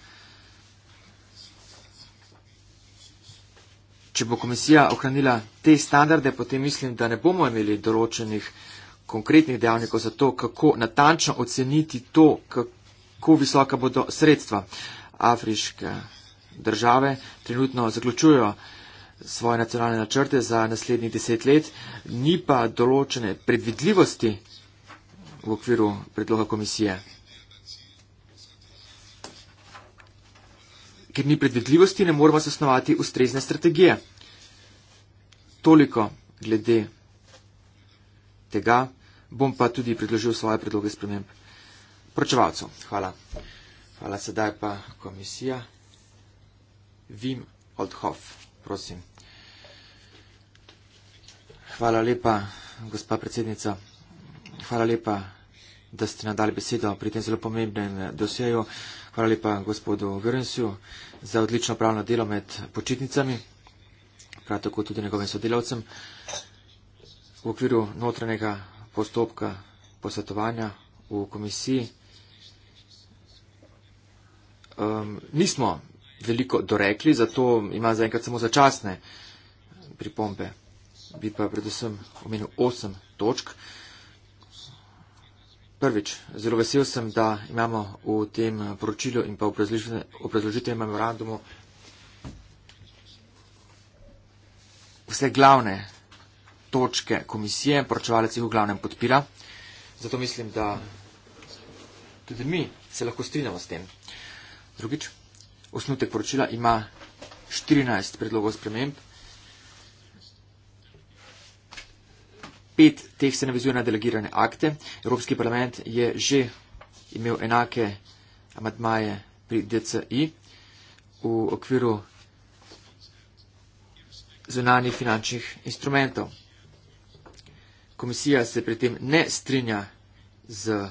Če bo komisija ohranila te standarde, potem mislim, da ne bomo imeli določenih konkretnih dejavnikov za to, kako natančno oceniti to, kako visoka bodo sredstva. Afriške države trenutno zaključujo svoje nacionalne načrte za naslednjih deset let, ni pa določene predvidljivosti v okviru predloga komisije. Ker ni predvidljivosti, ne moramo zasnovati ustrezne strategije. Toliko glede tega bom pa tudi predložil svoje predloge sprememb pročevalcev. Hvala. Hvala sedaj pa komisija. Vim Oldhoff prosim. Hvala lepa, gospa predsednica. Hvala lepa, da ste nam dali besedo pri tem zelo pomembnem eh, dosjeju. Hvala lepa gospodu Grnsju za odlično pravno delo med počitnicami, prav tako tudi njegovim sodelavcem. V okviru notranjega postopka posvetovanja v komisiji um, nismo veliko dorekli, zato ima zaenkrat samo začasne pripombe. Bi pa predvsem omenil osem točk. Prvič, zelo vesel sem, da imamo v tem poročilu in pa v obrazložitvenem memorandumu vse glavne točke komisije, poročevalec jih v glavnem podpira. Zato mislim, da tudi mi se lahko strinjamo s tem. Drugič, osnutek poročila ima 14 predlogov sprememb. Pet teh se navezuje na delegirane akte. Evropski parlament je že imel enake amatmaje pri DCI v okviru zunanjih finančnih instrumentov. Komisija se pri tem ne strinja z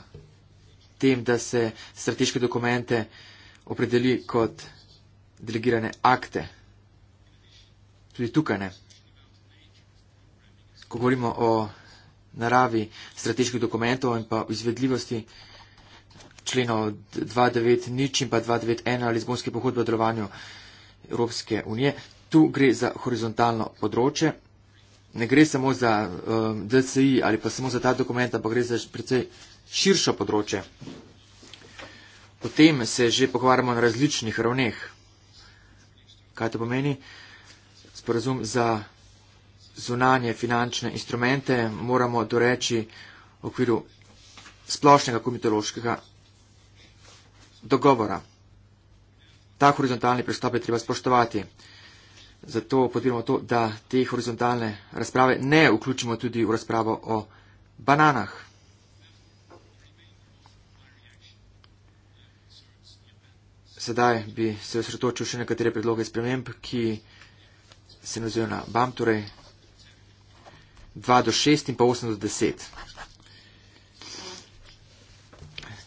tem, da se strateške dokumente opredeli kot delegirane akte. Tudi tukaj ne. Ko govorimo o naravi strateških dokumentov in pa o izvedljivosti členov 29 nič in pa 291 ali zgonske pohodbe o delovanju Evropske unije, tu gre za horizontalno področje. Ne gre samo za um, DCI ali pa samo za ta dokument, ampak gre za precej širšo področje. O tem se že pogovarjamo na različnih ravneh. Kaj to pomeni? Sporazum za zunanje finančne instrumente moramo doreči v okviru splošnega komitološkega dogovora. Ta horizontalni pristop je treba spoštovati. Zato podpiramo to, da te horizontalne razprave ne vključimo tudi v razpravo o bananah. Sedaj bi se osredotočil še nekatere predloge sprememb, ki se nazivajo na BAM, torej 2 do 6 in pa 8 do 10.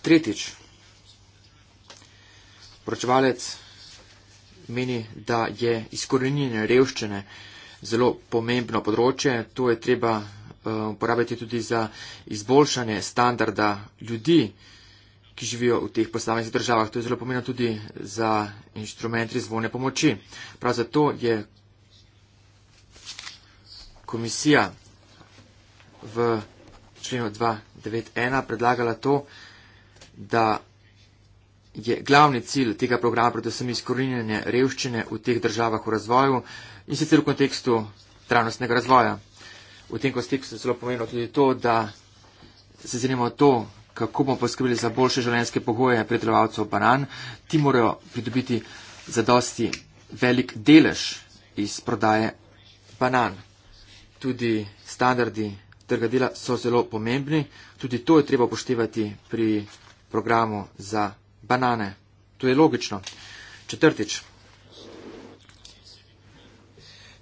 Tretjič. Poročevalec meni, da je izkoreninjenje revščine zelo pomembno področje. To je treba uh, uporabiti tudi za izboljšanje standarda ljudi, uh, ki živijo v teh posameznih državah. To je zelo pomembno tudi za inštrumenti zvone pomoči. Prav zato je komisija v členu 291 predlagala to, da je glavni cilj tega programa predvsem izkorinjanje revščine v teh državah v razvoju in sicer v kontekstu trajnostnega razvoja. V tem kontekstu je zelo pomembno tudi to, da se zanimamo to, kako bomo poskrbeli za boljše življenjske pogoje pridelovalcev banan, ti morajo pridobiti zadosti velik delež iz prodaje banan. Tudi standardi trga dela so zelo pomembni, tudi to je treba upoštevati pri programu za banane. To je logično. Četrtič.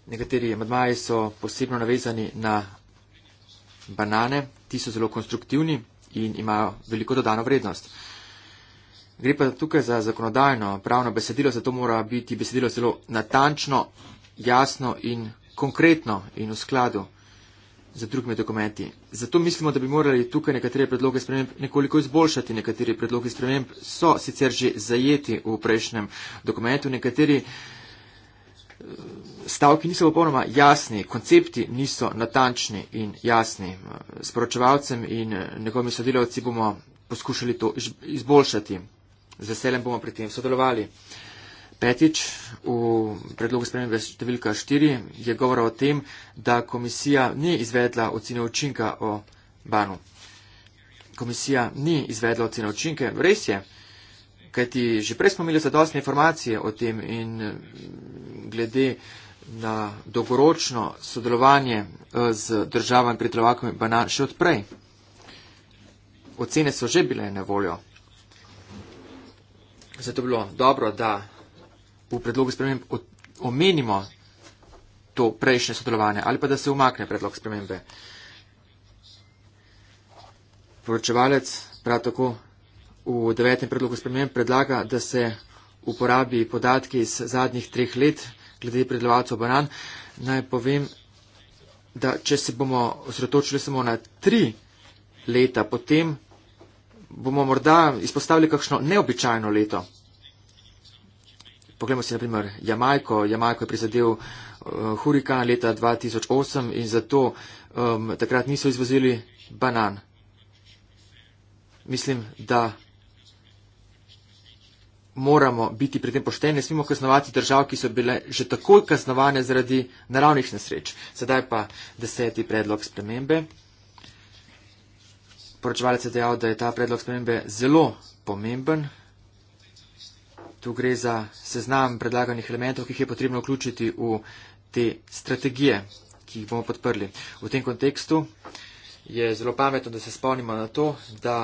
Nekateri medmaji so posebno navezani na banane, ti so zelo konstruktivni, in imajo veliko dodano vrednost. Gre pa tukaj za zakonodajno pravno besedilo, zato mora biti besedilo zelo natančno, jasno in konkretno in v skladu z drugimi dokumenti. Zato mislimo, da bi morali tukaj nekatere predloge sprememb nekoliko izboljšati. Nekateri predlogi sprememb so sicer že zajeti v prejšnjem dokumentu, nekateri stavki niso popolnoma jasni, koncepti niso natančni in jasni. S poročevalcem in eh, njegovimi sodelavci bomo poskušali to izboljšati. Z veseljem bomo pri tem sodelovali. Petič, v predlogu spremembe številka 4 je govora o tem, da komisija ni izvedla ocene učinka o banu. Komisija ni izvedla ocene učinke, res je, kajti že prej smo imeli zadostne informacije o tem in eh, glede na dolgoročno sodelovanje eh, z državami pri Trovakovi banan še odprej. Ocene so že bile na voljo. Zato bi bilo dobro, da v predlogu sprememb omenimo to prejšnje sodelovanje ali pa da se umakne predlog spremembe. Poročevalec prav tako v devetem predlogu sprememb predlaga, da se uporabi podatki iz zadnjih treh let glede predelovalcev banan, naj povem, da če se bomo osredotočili samo na tri leta, potem bomo morda izpostavili kakšno neobičajno leto. Poglejmo si naprimer Jamajko. Jamajko je prizadel uh, hurikan leta 2008 in zato um, takrat niso izvozili banan. Mislim, da moramo biti pri tem pošteni, ne smemo kaznovati držav, ki so bile že tako kaznovane zaradi naravnih nesreč. Sedaj pa deseti predlog spremembe. Poročevalec je dejal, da je ta predlog spremembe zelo pomemben. Tu gre za seznam predlaganih elementov, ki jih je potrebno vključiti v te strategije, ki jih bomo podprli. V tem kontekstu je zelo pametno, da se spomnimo na to, da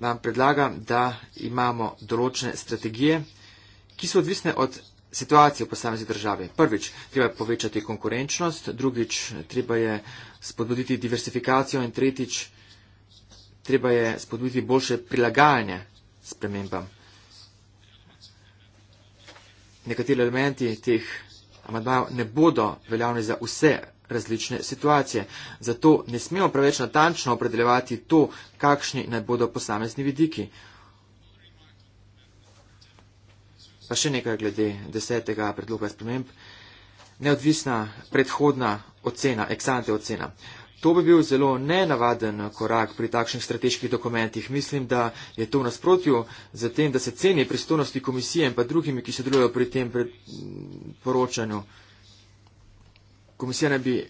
vam predlagam, da imamo določene strategije, ki so odvisne od situacije v posamezni državi. Prvič, treba je povečati konkurenčnost, drugič, treba je spodbuditi diversifikacijo in tretjič, treba je spodbuditi boljše prilagajanje spremembam. Nekateri elementi teh amadmajev ne bodo veljavni za vse različne situacije. Zato ne smemo preveč natančno opredeljevati to, kakšni naj bodo posamezni vidiki. Pa še nekaj glede desetega predloga sprememb. Neodvisna predhodna ocena, eksante ocena. To bi bil zelo nenavaden korak pri takšnih strateških dokumentih. Mislim, da je to v nasprotju z tem, da se ceni pristojnosti komisije in pa drugimi, ki sodelujo pri tem poročanju komisija ne bi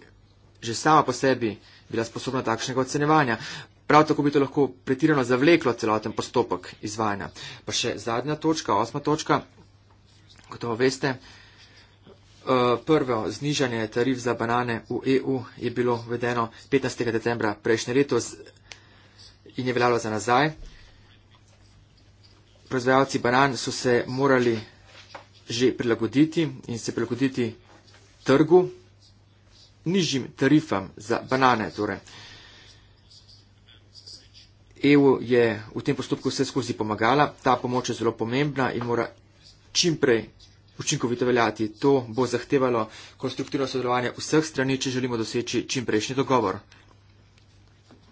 že sama po sebi bila sposobna takšnega ocenevanja. Prav tako bi to lahko pretirano zavleklo celoten postopek izvajanja. Pa še zadnja točka, osma točka, kot ovo veste, eh, prvo znižanje tarif za banane v EU je bilo uvedeno 15. decembra prejšnje leto in je veljalo za nazaj. Proizvajalci banan so se morali že prilagoditi in se prilagoditi trgu nižjim tarifam za banane. Torej, EU je v tem postopku vse skozi pomagala, ta pomoč je zelo pomembna in mora čimprej učinkovito veljati. To bo zahtevalo konstruktivno sodelovanje vseh strani, če želimo doseči čimprejšnji dogovor.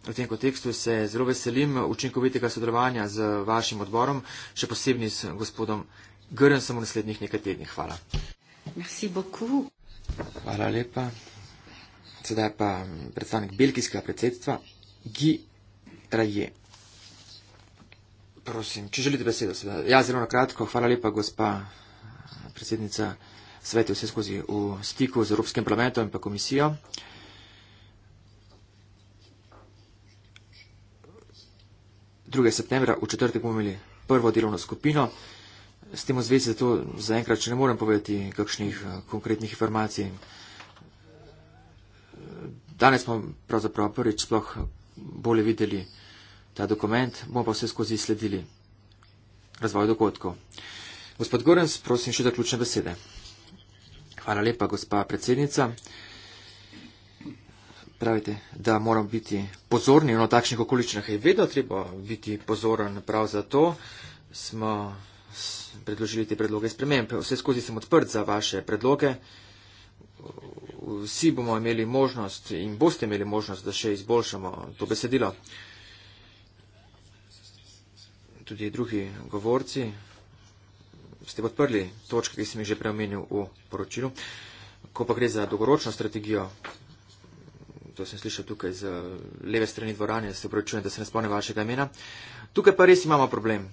V tem kontekstu se zelo veselim učinkovitega sodelovanja z vašim odborom, še posebej s gospodom Grnsom v naslednjih nekaj tednih. Hvala. Merci beaucoup. Hvala lepa sedaj pa mm, predstavnik belgijskega predsedstva, Gi Traje. Prosim, če želite besedo, seveda. Ja, zelo na kratko. Hvala lepa, gospa eh, predsednica. Svet je vse skozi v stiku z Evropskim parlamentom in pa komisijo. Druge septembra v četrtek bomo imeli prvo delovno skupino. S tem v zvezi zato zaenkrat, če ne morem povedati kakšnih eh, konkretnih informacij, danes smo pravzaprav prvič sploh bolje videli ta dokument, bomo pa vse skozi sledili razvoj dogodkov. Gospod Gorens, prosim še zaključne besede. Hvala lepa, gospa predsednica. Pravite, da moram biti pozorni, no takšnih okoličnih je vedno treba biti pozoren, prav zato smo predložili te predloge spremembe. Vse skozi sem odprt za vaše predloge vsi bomo imeli možnost in boste imeli možnost, da še izboljšamo to besedilo. Tudi drugi govorci ste podprli točke, ki sem jih že preomenil v poročilu. Ko pa gre za dolgoročno strategijo, to sem slišal tukaj z leve strani dvorane, se upravičujem, da se ne spomnim vašega imena. Tukaj pa res imamo problem.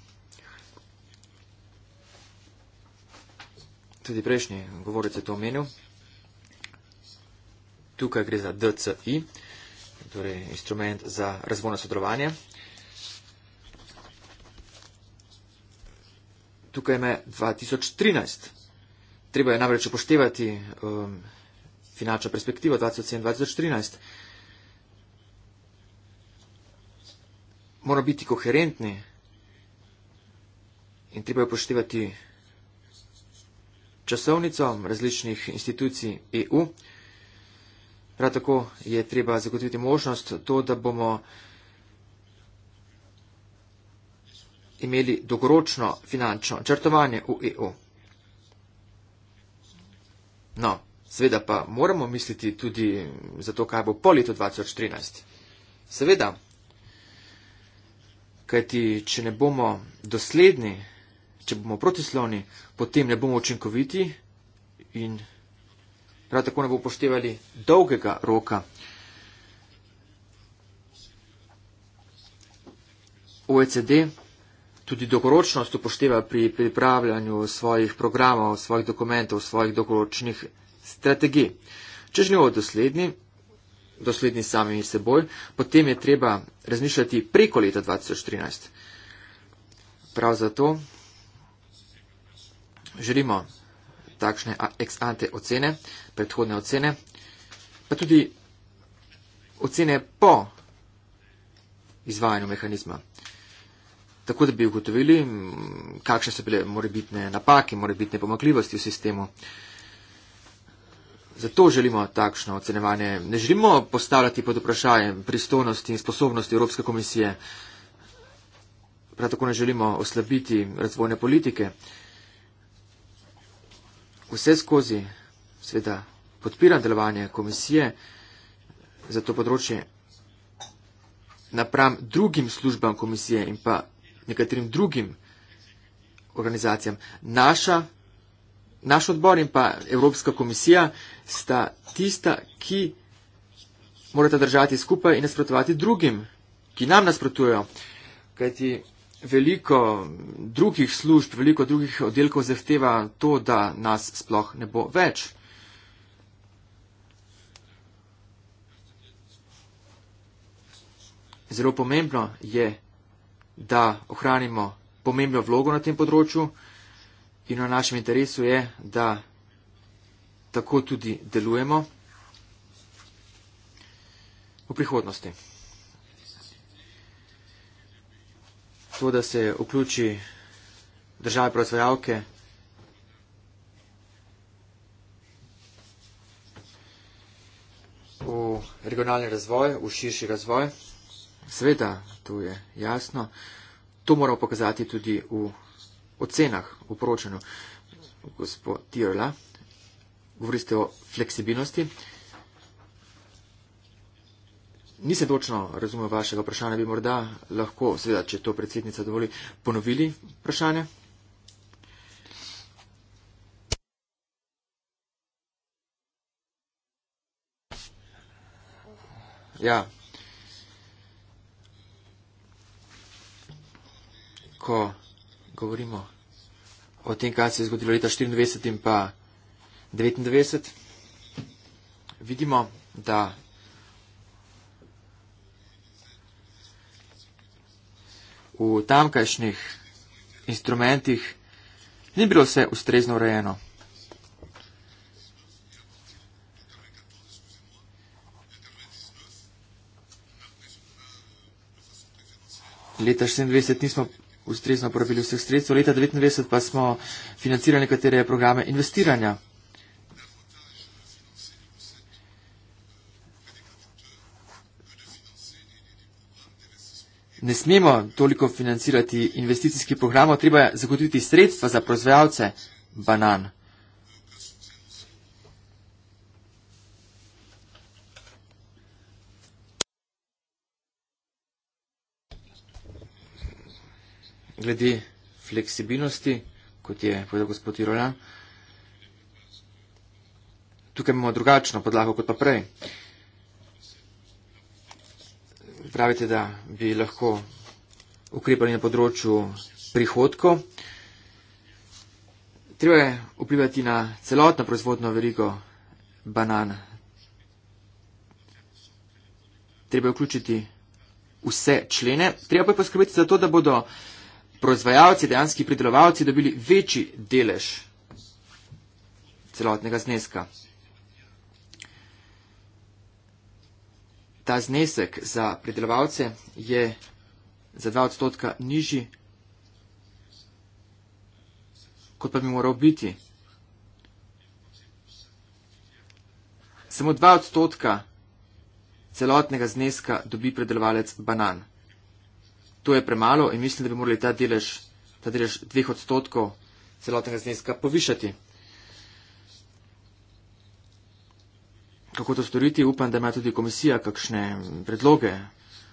Tudi prejšnji govorec je to omenil. Tukaj gre za DCI, torej instrument za razvojno sodelovanje. Tukaj ima 2013. Treba je namreč upoštevati um, finančno perspektivo 2007-2013. Moramo biti koherentni in treba je upoštevati časovnico različnih institucij EU. Prav tako je treba zagotoviti možnost to, da bomo imeli dolgoročno finančno črtovanje v EU. No, seveda pa moramo misliti tudi za to, kaj bo po letu 2013. Seveda, kajti če ne bomo dosledni, če bomo protislovni, potem ne bomo učinkoviti in prav tako ne bo upoštevali dolgega roka. OECD tudi dolgoročnost upošteva pri pripravljanju svojih programov, svojih dokumentov, svojih dolgoročnih strategij. Če želimo dosledni, dosledni sami seboj, potem je treba razmišljati preko leta 2013. Prav zato želimo takšne ex ante ocene, predhodne ocene, pa tudi ocene po izvajanju mehanizma. Tako da bi ugotovili, kakšne so bile morebitne napake, morebitne pomakljivosti v sistemu. Zato želimo takšno ocenevanje. Ne želimo postavljati pod vprašanje pristojnosti in sposobnosti Evropske komisije. Prav tako ne želimo oslabiti razvojne politike vse skozi sveda podpira delovanje komisije za to področje napram drugim službam komisije in pa nekaterim drugim organizacijam. Naša, naš odbor in pa Evropska komisija sta tista, ki morata držati skupaj in nasprotovati drugim, ki nam nasprotujejo. Kajti veliko drugih služb, veliko drugih oddelkov zahteva to, da nas sploh ne bo več. Zelo pomembno je, da ohranimo pomembno vlogo na tem področju in v našem interesu je, da tako tudi delujemo v prihodnosti. to, da se vključi države proizvajalke. V regionalni razvoj, v širši razvoj. Sveda, to je jasno. To moramo pokazati tudi v ocenah, v poročanju. Gospod Tirla, govorite o fleksibilnosti. Nisem točno razumel vašega vprašanja. Bi morda lahko, seveda, če to predsednica dovoli, ponovili vprašanje? Ja. Ko govorimo o tem, kaj se je zgodilo leta 1994 in pa 1999, vidimo, da v tamkajšnjih instrumentih ni bilo vse ustrezno urejeno. Leta 27 nismo ustrezno porabili vseh sredstv, leta 99 pa smo financirali nekatere programe investiranja. ne smemo toliko financirati investicijskih programov, treba je zagotoviti sredstva za proizvajalce banan. Glede fleksibilnosti, kot je povedal gospod Jurola, tukaj imamo drugačno podlago kot pa prej pravite, da bi lahko ukrepali na področju prihodkov. Treba je vplivati na celotno proizvodno verigo banan. Treba je vključiti vse člene. Treba pa je poskrbeti za to, da bodo proizvajalci, dejanski pridelovalci dobili večji delež celotnega zneska. ta znesek za predelovalce je za dva odstotka nižji, kot pa bi moral biti. Samo dva odstotka celotnega zneska dobi predelovalec banan. To je premalo in mislim, da bi morali ta delež, ta delež dveh odstotkov celotnega zneska povišati. kako to storiti. Upam, da ima tudi komisija kakšne predloge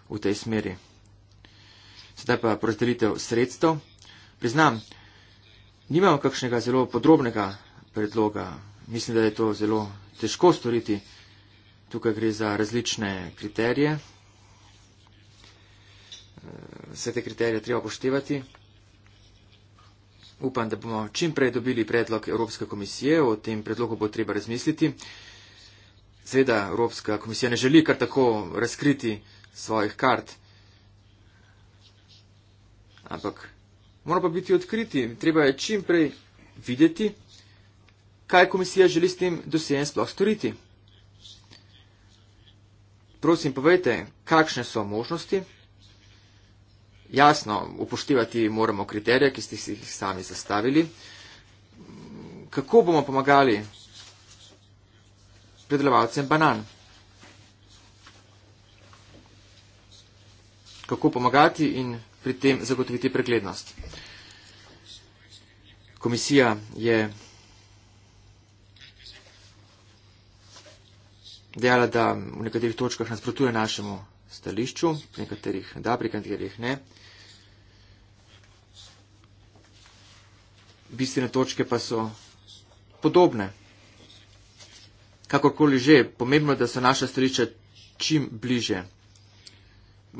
v tej smeri. Sedaj pa porazdelitev sredstev. Priznam, nimam kakšnega zelo podrobnega predloga. Mislim, da je to zelo težko storiti. Tukaj gre za različne kriterije. Vse te kriterije treba poštevati. Upam, da bomo čim prej dobili predlog Evropske komisije. O tem predlogu bo treba razmisliti. Zveda Evropska komisija ne želi kar tako razkriti svojih kart. Ampak mora pa biti odkriti. Treba je čim prej videti, kaj komisija želi s tem dosjejem sploh storiti. Prosim, povejte, kakšne so možnosti. Jasno, upoštevati moramo kriterije, ki ste si jih sami zastavili. Kako bomo pomagali predelovalcem banan. Kako pomagati in pri tem zagotoviti preglednost. Komisija je dejala, da v nekaterih točkah nasprotuje našemu stališču, pri nekaterih da, pri nekaterih ne. Bistvene točke pa so podobne kakorkoli že, pomembno, da so naša stališča čim bliže.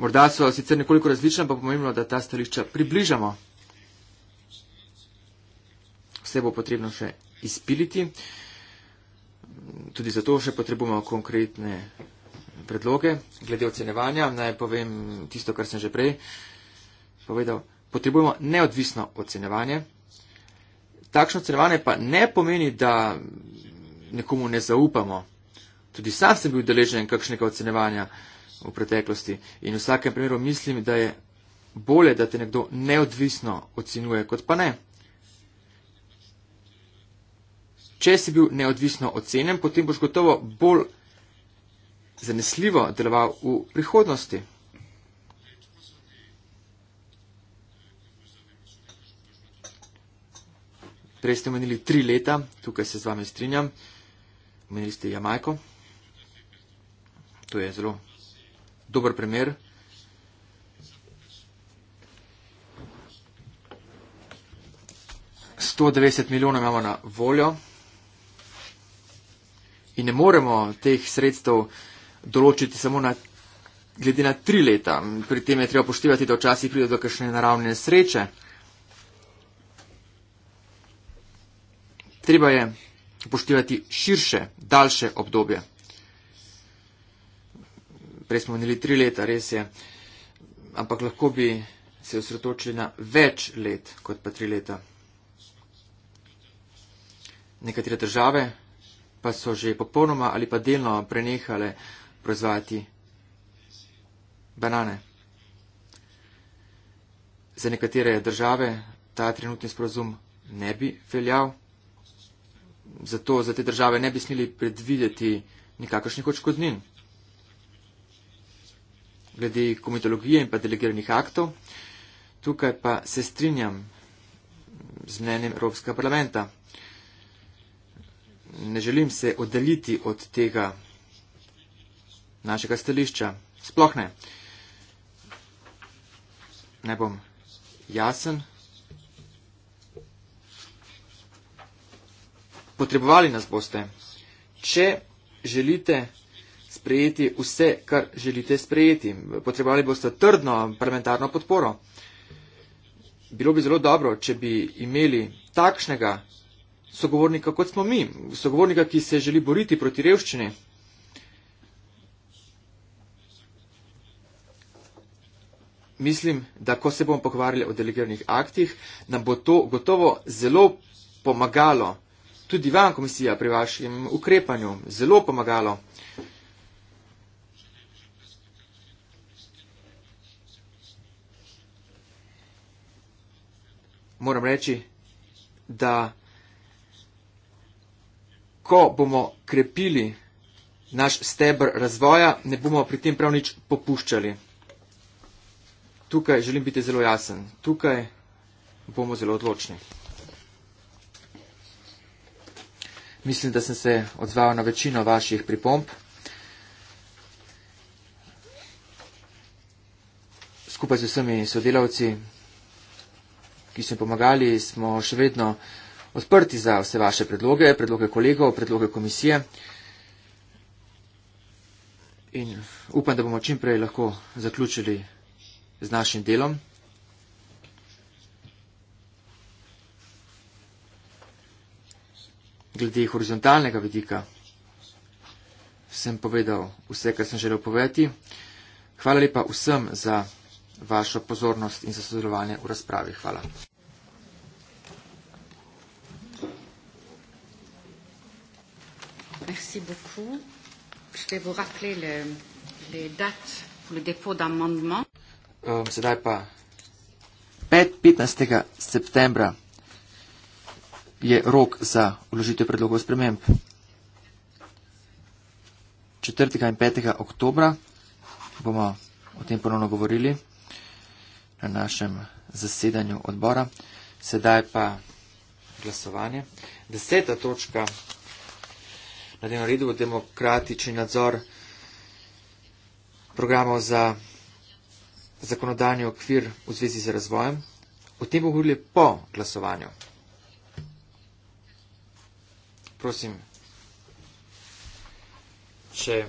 Morda so sicer nekoliko različna, pa pomembno, da ta stališča približamo. Vse bo potrebno še izpiliti. Tudi zato še potrebujemo konkretne predloge. Glede ocenevanja, naj povem tisto, kar sem že prej povedal. Potrebujemo neodvisno ocenevanje. Takšno ocenevanje pa ne pomeni, da nekomu ne zaupamo. Tudi sam sem bil deležen kakšnega ocenevanja v preteklosti in v vsakem primeru mislim, da je bolje, da te nekdo neodvisno ocenjuje, kot pa ne. Če si bil neodvisno ocenjen, potem boš gotovo bolj zanesljivo deloval v prihodnosti. Prej ste menili tri leta, tukaj se z vami strinjam. Omenili ste Jamajko. To je zelo dober primer. Sto devetdeset milijonov imamo na voljo in ne moremo teh sredstev določiti samo na, glede na tri leta. Pri tem je treba poštivati, da včasih pride do kakšne naravne sreče. Treba je upoštevati širše, daljše obdobje. Prej smo imeli tri leta, res je, ampak lahko bi se osredotočili na več let kot pa tri leta. Nekatere države pa so že popolnoma ali pa delno prenehale proizvajati banane. Za nekatere države ta trenutni sporozum ne bi veljal zato za te države ne bi smeli predvideti nikakršnih očkodnin. Glede komitologije in pa delegiranih aktov, tukaj pa se strinjam z mnenjem Evropskega parlamenta. Ne želim se oddaljiti od tega našega stališča. Sploh ne. Ne bom jasen. potrebovali nas boste. Če želite sprejeti vse, kar želite sprejeti, potrebovali boste trdno parlamentarno podporo. Bilo bi zelo dobro, če bi imeli takšnega sogovornika, kot smo mi, sogovornika, ki se želi boriti proti revščini. Mislim, da ko se bomo pogovarjali o delegiranih aktih, nam bo to gotovo zelo pomagalo tudi vam, komisija, pri vašem ukrepanju zelo pomagalo. Moram reči, da ko bomo krepili naš stebr razvoja, ne bomo pri tem prav nič popuščali. Tukaj želim biti zelo jasen. Tukaj bomo zelo odločni. Mislim, da sem se odzval na večino vaših pripomp. Skupaj z vsemi sodelavci, ki so pomagali, smo še vedno odprti za vse vaše predloge, predloge kolegov, predloge komisije. In upam, da bomo čim prej lahko zaključili z našim delom. glede horizontalnega vidika sem povedal vse, kar sem želel povedati. Hvala lepa vsem za vašo pozornost in za sodelovanje v razpravi. Hvala. Merci beaucoup. Je vais vous rappeler le, les dates pour le dépôt d'amendement. Um, 5, 15 septembre 2021 je rok za vložitev predlogov sprememb. 4. in 5. oktobra bomo o tem ponovno govorili na našem zasedanju odbora. Sedaj pa glasovanje. Deseta točka na dnevnem redu bo demokratični nadzor programov za zakonodajni okvir v zvezi z razvojem. O tem bomo govorili po glasovanju prosim, če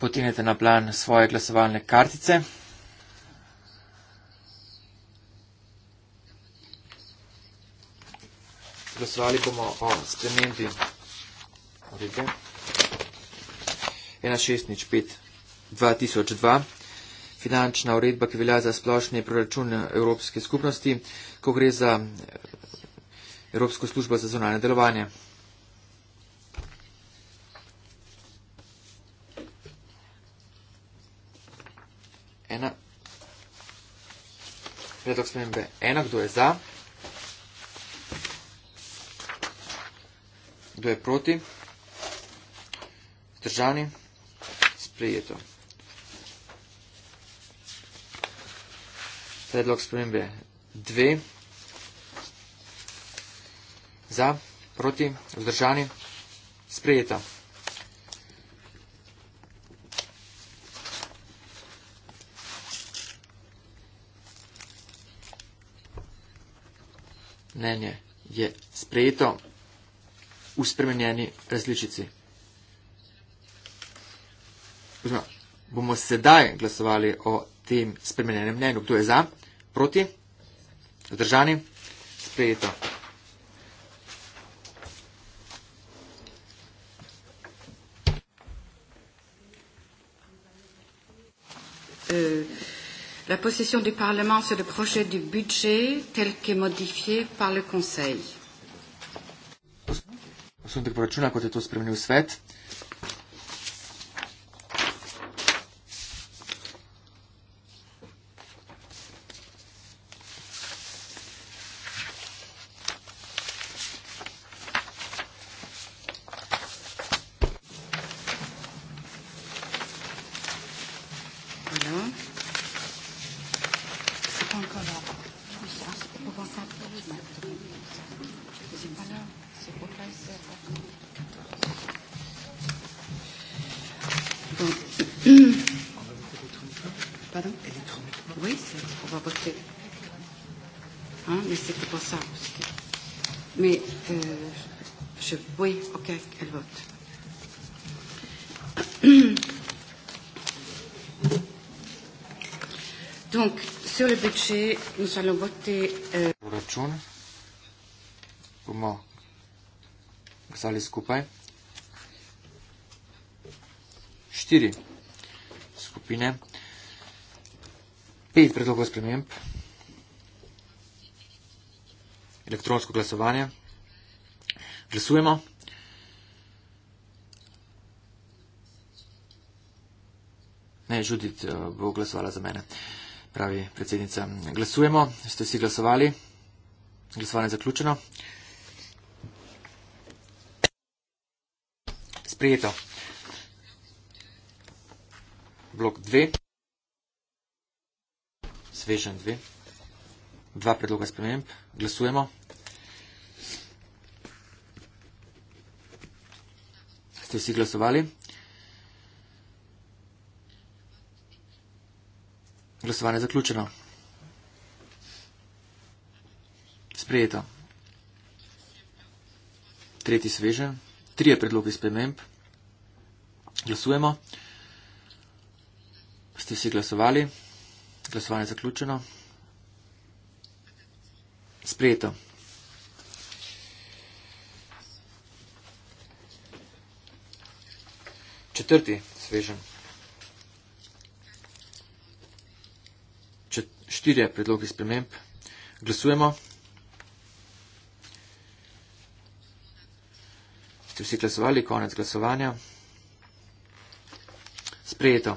potinete na plan svoje glasovalne kartice. Glasovali bomo o spremembi uredbe 1605-2002, finančna uredba, ki velja za splošni proračun Evropske skupnosti, ko gre za Evropsko službo za zunanje delovanje. Ena. Predlog spremembe. Ena, kdo je za? Kdo je proti? Zdržani? Sprejeto. Predlog spremembe. Dve za, proti, vzdržani, sprejeta. Mnenje je sprejeto v spremenjeni različici. Oziroma, bomo sedaj glasovali o tem spremenjenem mnenju. Kdo je za, proti, vzdržani, sprejeto. La position du Parlement sur le projet du budget tel que modifié par le Conseil. Osnutek proračuna, kot je to spremenil svet, oči zaloboti. Eh. Račun bomo kazali skupaj. Štiri skupine. Pet predlogov sprememb. Elektronsko glasovanje. Glasujemo. Ne, Judith eh, bo glasovala za mene pravi predsednica. Glasujemo, ste si glasovali, glasovanje je zaključeno. Sprijeto. Blok 2. Svežen 2. Dva predloga sprememb. Glasujemo. Ste si glasovali? Glasovanje je zaključeno. Sprejeto. Tretji svežen, tri je predlogi sprememb. Glasujemo. Ste vsi glasovali? Glasovanje je zaključeno. Sprejeto. Četrti svežen. 4 predlogi sprememb. Glasujemo. Ste vsi glasovali? Konec glasovanja. Sprejeto.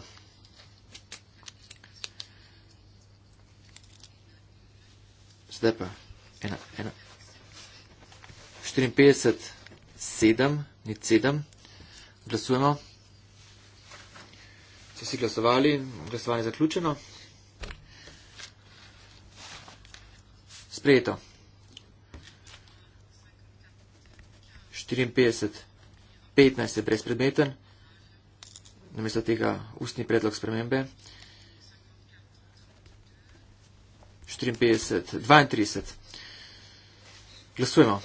Zdaj pa. 54, 7, nič 7. Glasujemo. Ste vsi glasovali? Glasovanje je zaključeno. Sprejeto. 54, 15 je brezpredmeten, namesto tega ustni predlog spremembe. 54, 32. Glasujemo.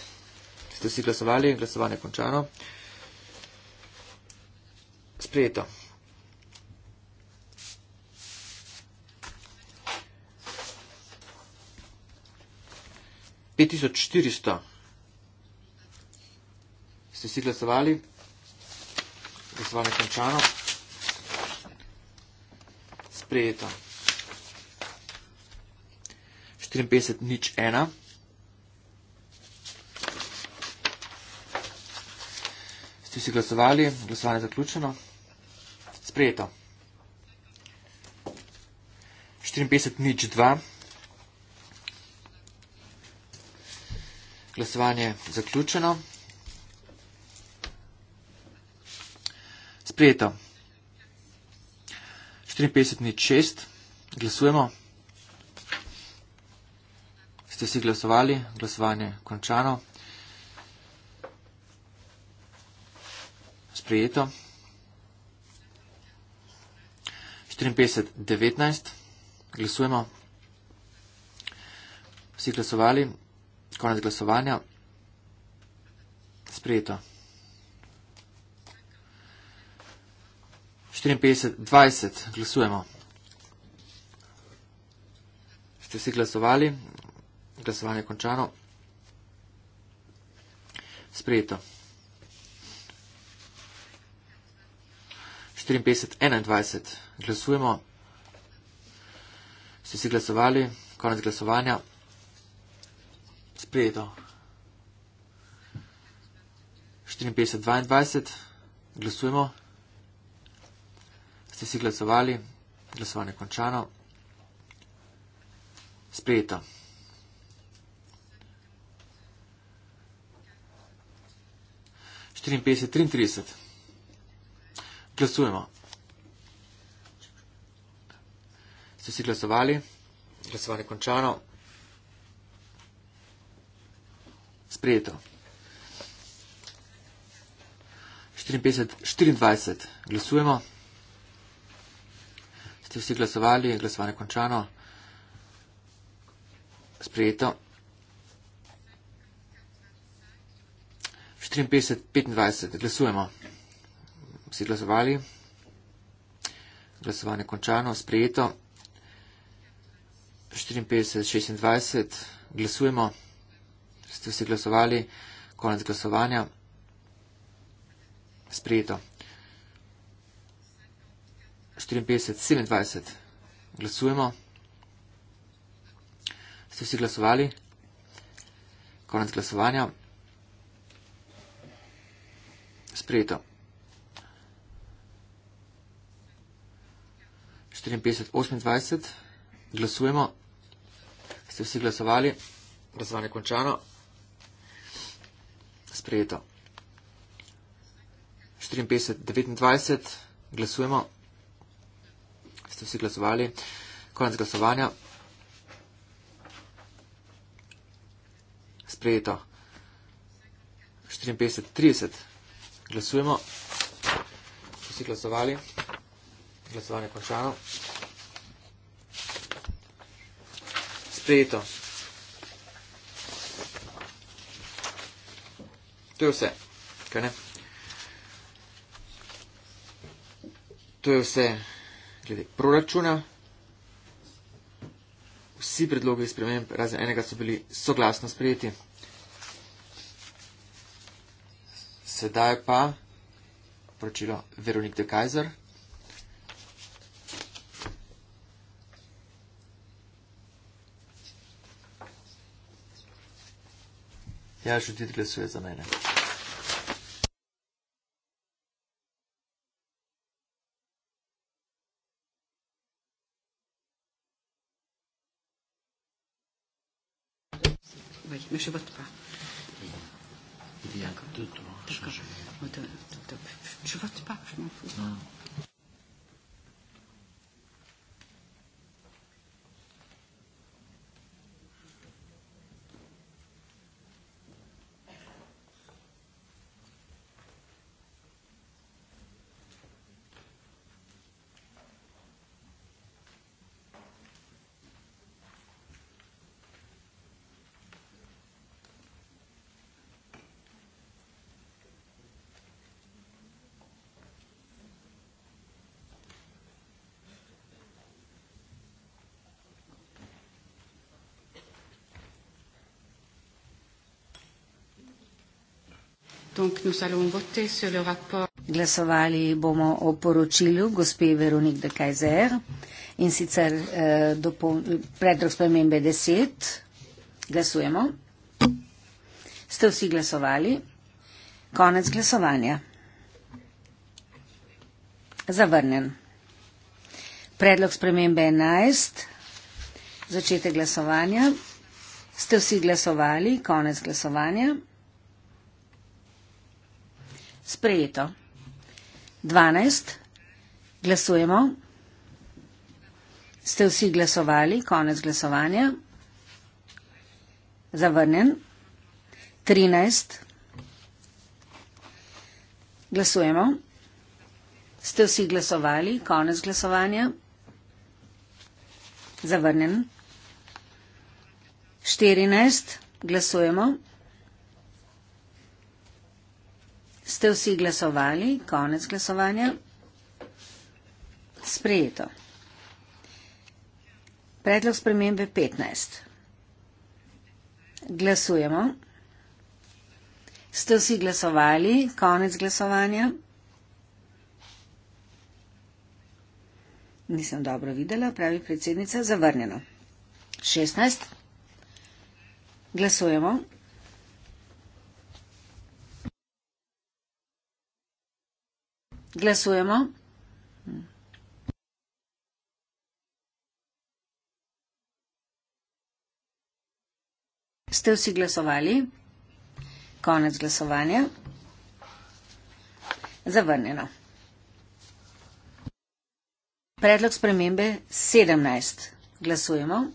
Ste vsi glasovali in glasovanje končano. Sprejeto. 5400 ste si glasovali, glasovanje končano, sprejeto. 54 nič ena. Ste si glasovali, glasovanje zaključeno, sprejeto. 54 nič dva. Glasovanje zaključeno. Sprejeto. 54.6. Glasujemo. Ste si glasovali? Glasovanje končano. Sprejeto. 54.19. Glasujemo. Vsi glasovali? Konec glasovanja. Sprejeto. 54, 20, glasujemo. Ste vsi glasovali? Glasovanje je končano. Sprejeto. 54, 21, glasujemo. Ste vsi glasovali? Konec glasovanja sprejeto. 54-22, glasujemo. Ste si glasovali, glasovanje je končano. Sprejeto. Glasujemo. Ste si glasovali? Glasovanje končano. sprejeto. 54, 24, glasujemo. Ste vsi glasovali, glasovanje končano. Sprejeto. 54, 25, glasujemo. Vsi glasovali, glasovanje končano. Sprejeto. 54, 26, glasujemo ste vsi glasovali, konec glasovanja. Sprejeto. 54, 27. Glasujemo. Ste vsi glasovali? Konec glasovanja. Sprejeto. 54, 28. Glasujemo. Ste vsi glasovali? Glasovanje končano sprejeto. 54, 29, glasujemo. Ste vsi glasovali? Konec glasovanja. Sprejeto. 54, 30, glasujemo. Ste vsi glasovali? Glasovanje končano. Sprejeto. To je vse. Kaj ne? To je vse glede proračuna. Vsi predlogi iz prememb, razen enega, so bili soglasno sprejeti. Sedaj pa poročilo Veronik de Kajzer. Ja, še ti glasuje za mene. Mi še vrt pa. Glasovali bomo o poročilu gospe Veronik de Kajzer in sicer eh, predlog spremembe 10. Glasujemo. Ste vsi glasovali? Konec glasovanja. Zavrnen. Predlog spremembe 11. Začete glasovanja. Ste vsi glasovali? Konec glasovanja. Sprejeto. 12. Glasujemo. Ste vsi glasovali? Konec glasovanja. Zavrnen. 13. Glasujemo. Ste vsi glasovali? Konec glasovanja. Zavrnen. 14. Glasujemo. Ste vsi glasovali? Konec glasovanja. Sprejeto. Predlog spremembe 15. Glasujemo. Ste vsi glasovali? Konec glasovanja. Nisem dobro videla, pravi predsednica. Zavrnjeno. 16. Glasujemo. Glasujemo. Ste vsi glasovali? Konec glasovanja. Zavrnjeno. Predlog spremembe 17. Glasujemo.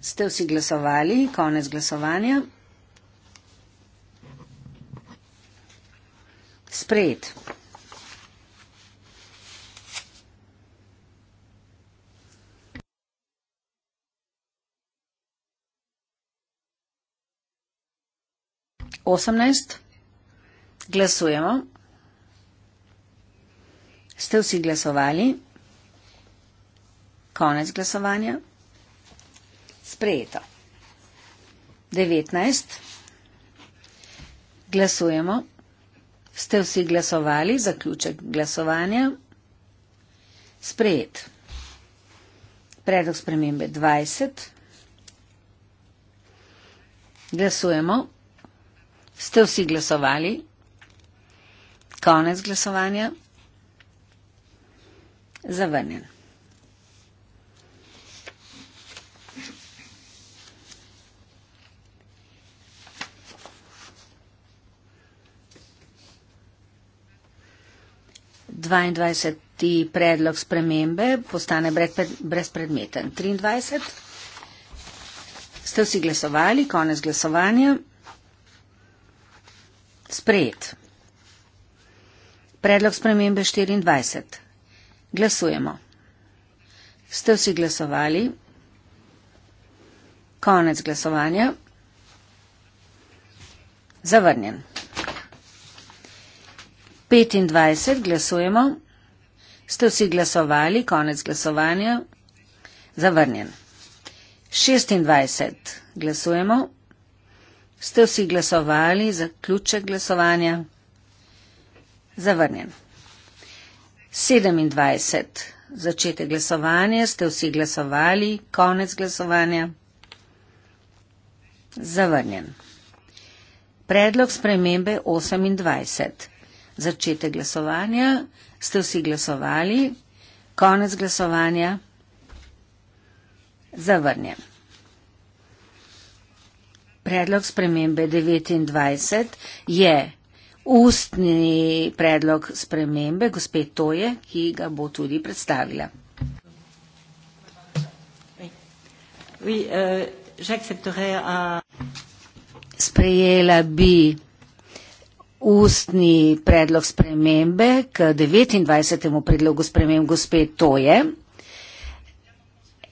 Ste vsi glasovali? Konec glasovanja. sprejet. Osemnajst. Glasujemo. Ste vsi glasovali? Konec glasovanja. Sprejeto. Devetnajst. Glasujemo. Ste vsi glasovali? Zaključek glasovanja. Sprejet. Predlog spremembe 20. Glasujemo. Ste vsi glasovali? Konec glasovanja. Zavrnjen. 22. predlog spremembe postane brezpredmeten. 23. Ste vsi glasovali, konec glasovanja. Sprejet. Predlog spremembe 24. Glasujemo. Ste vsi glasovali? Konec glasovanja. Zavrnjen. 25 glasujemo. Ste vsi glasovali, konec glasovanja. Zavrnjen. 26 glasujemo. Ste vsi glasovali, zaključek glasovanja. Zavrnjen. 27. Začete glasovanje. Ste vsi glasovali, konec glasovanja. Zavrnjen. Predlog spremembe 28 začete glasovanja. Ste vsi glasovali? Konec glasovanja? Zavrnjem. Predlog spremembe 29 je ustni predlog spremembe gospe Toje, ki ga bo tudi predstavila. Euh, euh, Sprejela bi ustni predlog spremembe k 29. predlogu sprememb gospe Toje.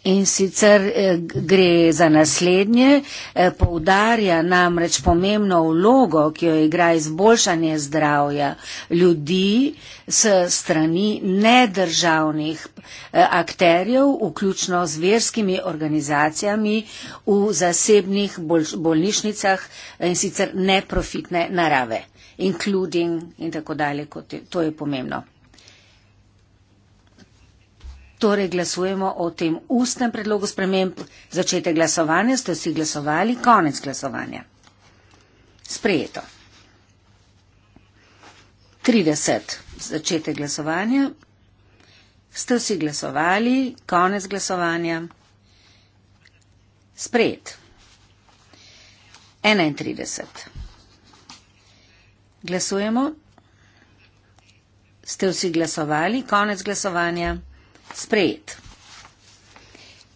In sicer eh, gre za naslednje, eh, poudarja namreč pomembno vlogo, ki jo igra izboljšanje zdravja ljudi s strani nedržavnih eh, akterjev, vključno z verskimi organizacijami v zasebnih bolnišnicah in sicer neprofitne narave including in tako dalje, kot je, to je pomembno. Torej glasujemo o tem ustnem predlogu sprememb, začete glasovanje, ste vsi glasovali, konec glasovanja. Sprejeto. 30. Začete glasovanje. Ste vsi glasovali, konec glasovanja. Sprejet. 31. Glasujemo. Ste vsi glasovali? Konec glasovanja. Sprejet.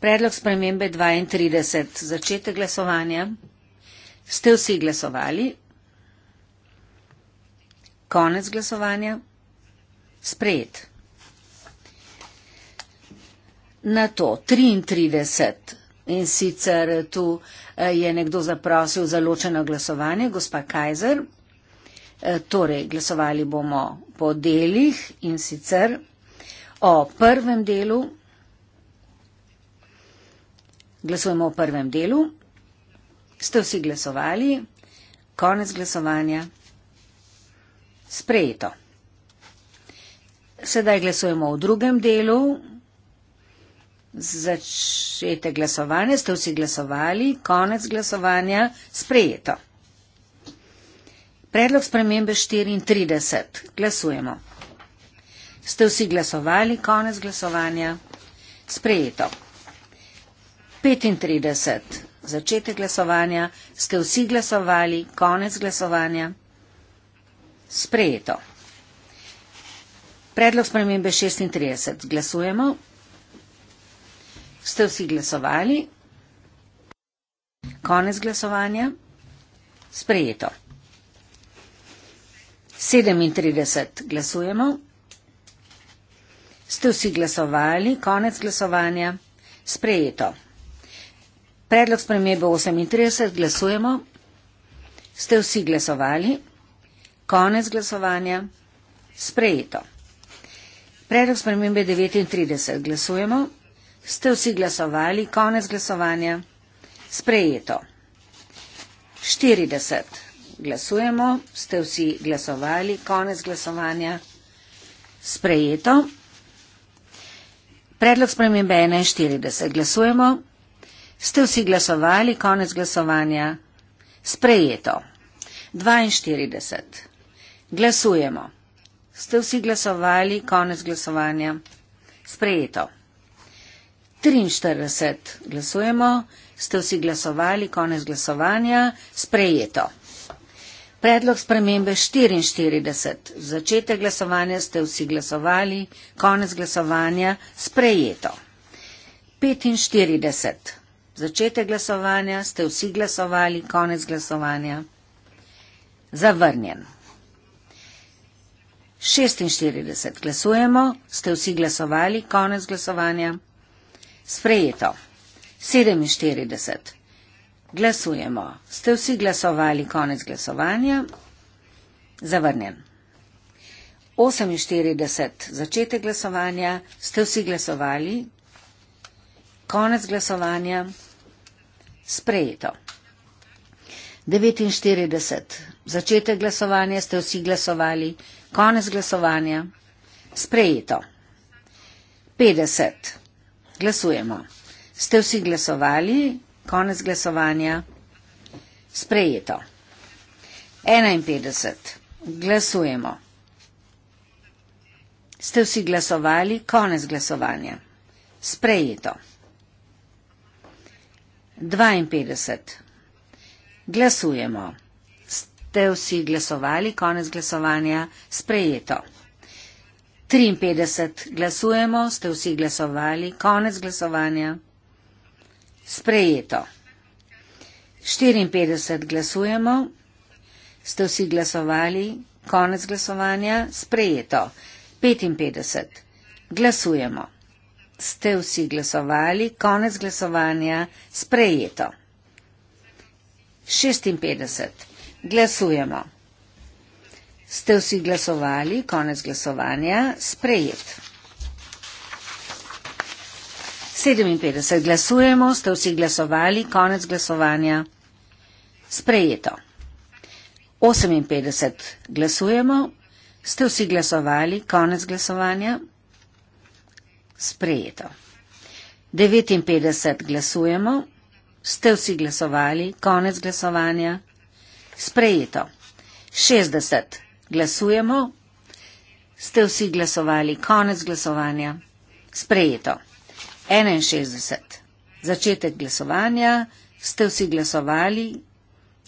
Predlog spremembe 32. Začete glasovanja. Ste vsi glasovali? Konec glasovanja. Sprejet. Na to 33. In sicer tu eh, je nekdo zaprosil za ločeno glasovanje, gospa Kajzer. Eh, torej, glasovali bomo po delih in sicer o prvem delu. Glasujemo o prvem delu. Ste vsi glasovali? Konec glasovanja. Sprejeto. Sedaj glasujemo v drugem delu. Začete glasovanje. Ste vsi glasovali? Konec glasovanja. Sprejeto. Predlog spremembe 34. Glasujemo. Ste vsi glasovali? Konec glasovanja. Sprejeto. 35. Začetek glasovanja. Ste vsi glasovali? Konec glasovanja. Sprejeto. Predlog spremembe 36. Glasujemo. Ste vsi glasovali? Konec glasovanja. Sprejeto. 37 glasujemo. Ste vsi glasovali, konec glasovanja, sprejeto. Predlog spremembe 38 glasujemo. Ste vsi glasovali, konec glasovanja, sprejeto. Predlog spremembe 39 glasujemo. Ste vsi glasovali, konec glasovanja, sprejeto. 40 glasujemo. Ste vsi glasovali? Konec glasovanja. Sprejeto. Predlog spremembe 41. Glasujemo. Ste vsi glasovali? Konec glasovanja. Sprejeto. 42. Glasujemo. Ste vsi glasovali? Konec glasovanja. Sprejeto. 43. Glasujemo. Ste vsi glasovali? Konec glasovanja. Sprejeto. Predlog spremembe 44. Začete glasovanja ste vsi glasovali, konec glasovanja sprejeto. 45. Začete glasovanja ste vsi glasovali, konec glasovanja zavrnjen. 46. Glasujemo, ste vsi glasovali, konec glasovanja sprejeto. 47. Glasujemo. Ste vsi glasovali konec glasovanja? Zavrnjen. 48. Začetek glasovanja. Ste vsi glasovali? Konec glasovanja. Sprejeto. 49. Začetek glasovanja. Ste vsi glasovali? Konec glasovanja. Sprejeto. 50. Glasujemo. Ste vsi glasovali? Konec glasovanja. Sprejeto. 51. Glasujemo. Ste vsi glasovali? Konec glasovanja. Sprejeto. 52. Glasujemo. Ste vsi glasovali? Konec glasovanja. Sprejeto. 53. Glasujemo. Ste vsi glasovali? Konec glasovanja. Sprejeto. 54 glasujemo. Ste vsi glasovali? Konec glasovanja. Sprejeto. 55. Glasujemo. Ste vsi glasovali? Konec glasovanja. Sprejeto. 56. Glasujemo. Ste vsi glasovali? Konec glasovanja. Sprejeto. 57 glasujemo, ste vsi glasovali, konec glasovanja. Sprejeto. 58 glasujemo, ste vsi glasovali, konec glasovanja. Sprejeto. 59 glasujemo, ste vsi glasovali, konec glasovanja. Sprejeto. 60 glasujemo, ste vsi glasovali, konec glasovanja. Sprejeto. 61. Začetek glasovanja. Ste vsi glasovali?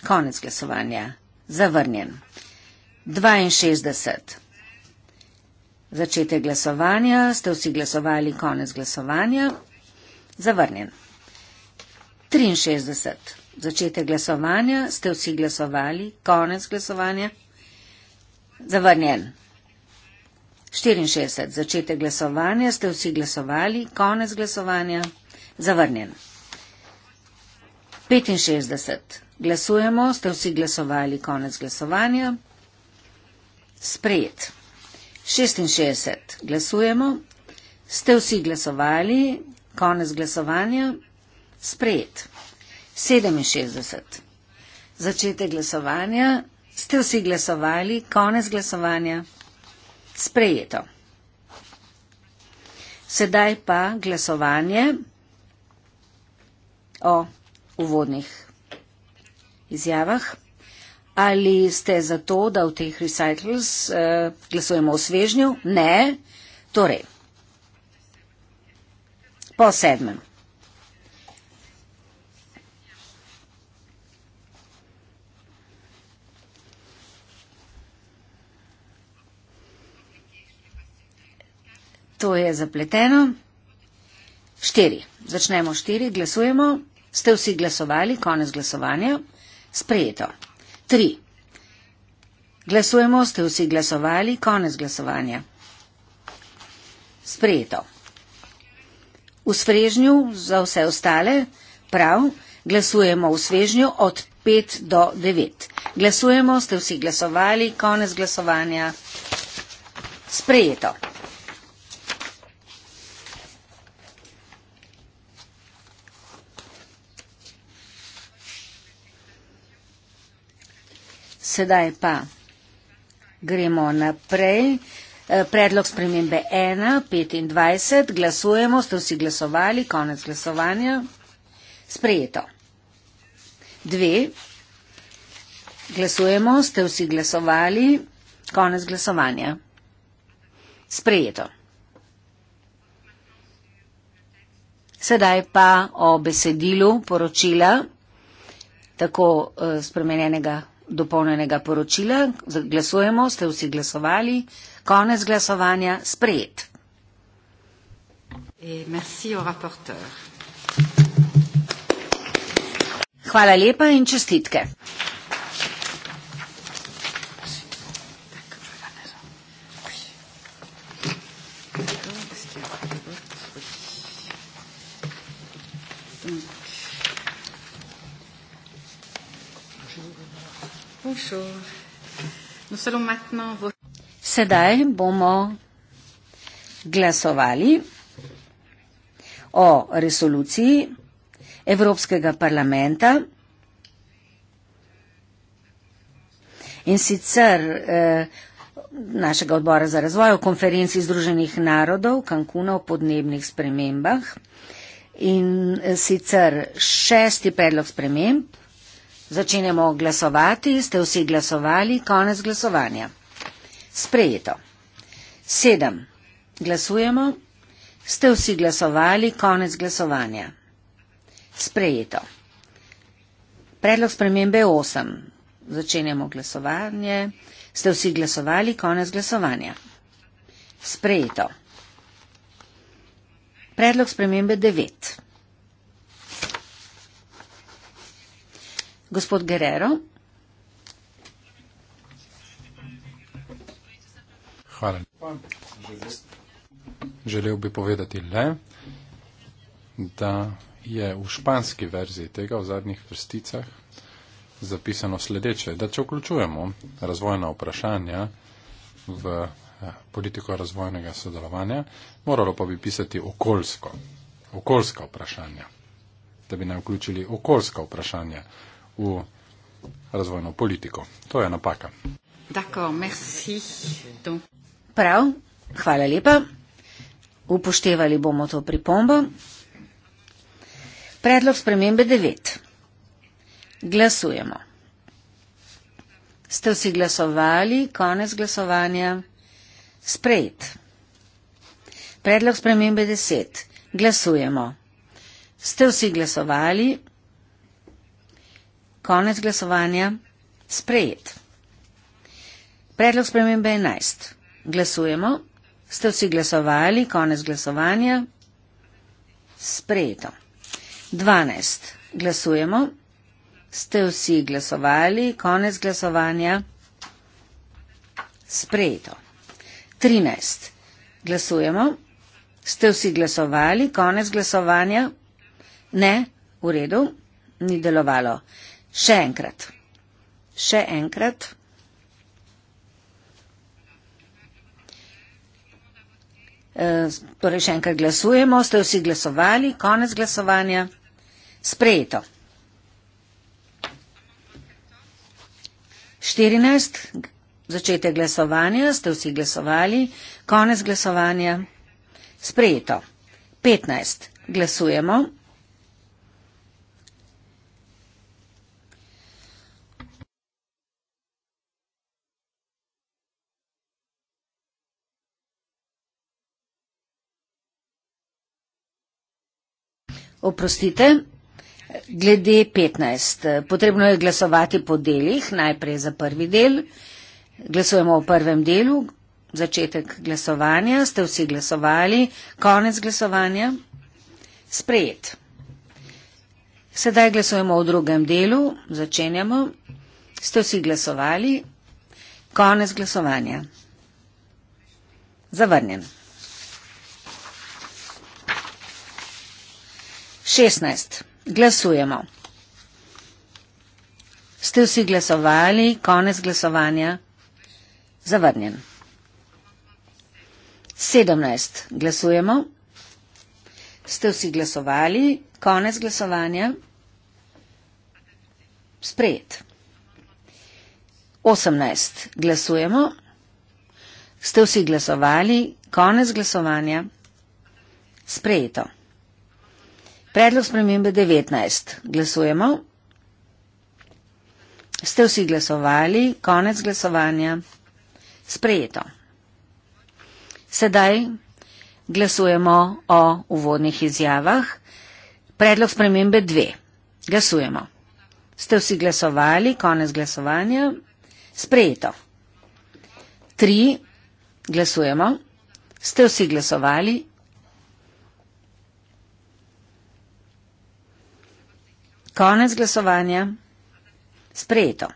Konec glasovanja. Zavrnjen. 62. Začetek glasovanja. Ste vsi glasovali? Konec glasovanja. Zavrnjen. 63. Začetek glasovanja. Ste vsi glasovali? Konec glasovanja. Zavrnjen. 64. Začete glasovanje, ste vsi glasovali, konec glasovanja, zavrnjen. 65. Glasujemo, ste vsi glasovali, konec glasovanja, sprejet. 66. Glasujemo, ste vsi glasovali, konec glasovanja, sprejet. 67. Začete glasovanje, ste vsi glasovali, konec glasovanja sprejeto. Sedaj pa glasovanje o uvodnih izjavah. Ali ste za to, da v teh recitals eh, glasujemo v svežnju? Ne. Torej, po sedmem. to je zapleteno. Štiri. Začnemo štiri, glasujemo. Ste vsi glasovali, konec glasovanja. Sprejeto. Tri. Glasujemo, ste vsi glasovali, konec glasovanja. Sprejeto. V svežnju za vse ostale, prav, glasujemo v svežnju od 5 do 9. Glasujemo, ste vsi glasovali, konec glasovanja. Sprejeto. Sedaj pa gremo naprej. Eh, predlog spremembe 1, 25, glasujemo, ste vsi glasovali, konec glasovanja. Sprejeto. 2, glasujemo, ste vsi glasovali, konec glasovanja. Sprejeto. Sedaj pa o besedilu poročila, tako eh, spremenjenega dopolnjenega poročila. Glasujemo, ste vsi glasovali. Konec glasovanja, sprejet. Hvala lepa in čestitke. zelo umetno. V... Sedaj bomo glasovali o resoluciji Evropskega parlamenta. In sicer eh, našega odbora za razvoj v konferenci Združenih narodov Cancuna o podnebnih spremembah. In eh, sicer šesti predlog sprememb Začenjamo glasovati. Ste vsi glasovali? Konec glasovanja. Sprejeto. Sedem. Glasujemo. Ste vsi glasovali? Konec glasovanja. Sprejeto. Predlog spremembe osem. Začenjamo glasovanje. Ste vsi glasovali? Konec glasovanja. Sprejeto. Predlog spremembe devet. Gospod Guerrero. Hvala. Želel bi povedati le, da je v španski verziji tega v zadnjih vrsticah zapisano sledeče, da če vključujemo razvojna vprašanja v eh, politiko razvojnega sodelovanja, moralo pa bi pisati okoljsko, okoljska vprašanja, da bi naj vključili okoljska vprašanja v razvojno politiko. To je napaka. Prav, hvala lepa. Upoštevali bomo to pripombo. Predlog spremembe 9. Glasujemo. Ste vsi glasovali? Konec glasovanja. Sprejet. Predlog spremembe 10. Glasujemo. Ste vsi glasovali? Konec glasovanja. Sprejet. Predlog spremembe 11. Glasujemo. Ste vsi glasovali? Konec glasovanja. Sprejeto. 12. Glasujemo. Ste vsi glasovali? Konec glasovanja. Sprejeto. 13. Glasujemo. Ste vsi glasovali? Konec glasovanja. Ne. V redu. Ni delovalo. Še enkrat. Še enkrat. E, torej, še enkrat glasujemo, ste vsi glasovali, konec glasovanja, sprejeto. 14, začete glasovanja, ste vsi glasovali, konec glasovanja, sprejeto. 15, glasujemo. Oprostite. Glede 15. Potrebno je glasovati po delih. Najprej za prvi del. Glasujemo o prvem delu. Začetek glasovanja. Ste vsi glasovali. Konec glasovanja. Sprejet. Sedaj glasujemo o drugem delu. Začenjamo. Ste vsi glasovali. Konec glasovanja. Zavrnjen. 16. Glasujemo. Ste vsi glasovali? Konec glasovanja. Zavrnjen. 17. Glasujemo. Ste vsi glasovali? Konec glasovanja. Sprejet. 18. Glasujemo. Ste vsi glasovali? Konec glasovanja. Sprejeto. Predlog spremembe 19. Glasujemo. Ste vsi glasovali? Konec glasovanja. Sprejeto. Sedaj glasujemo o uvodnih izjavah. Predlog spremembe 2. Glasujemo. Ste vsi glasovali? Konec glasovanja. Sprejeto. 3. Glasujemo. Ste vsi glasovali? Konec glasovanja. Sprejeto.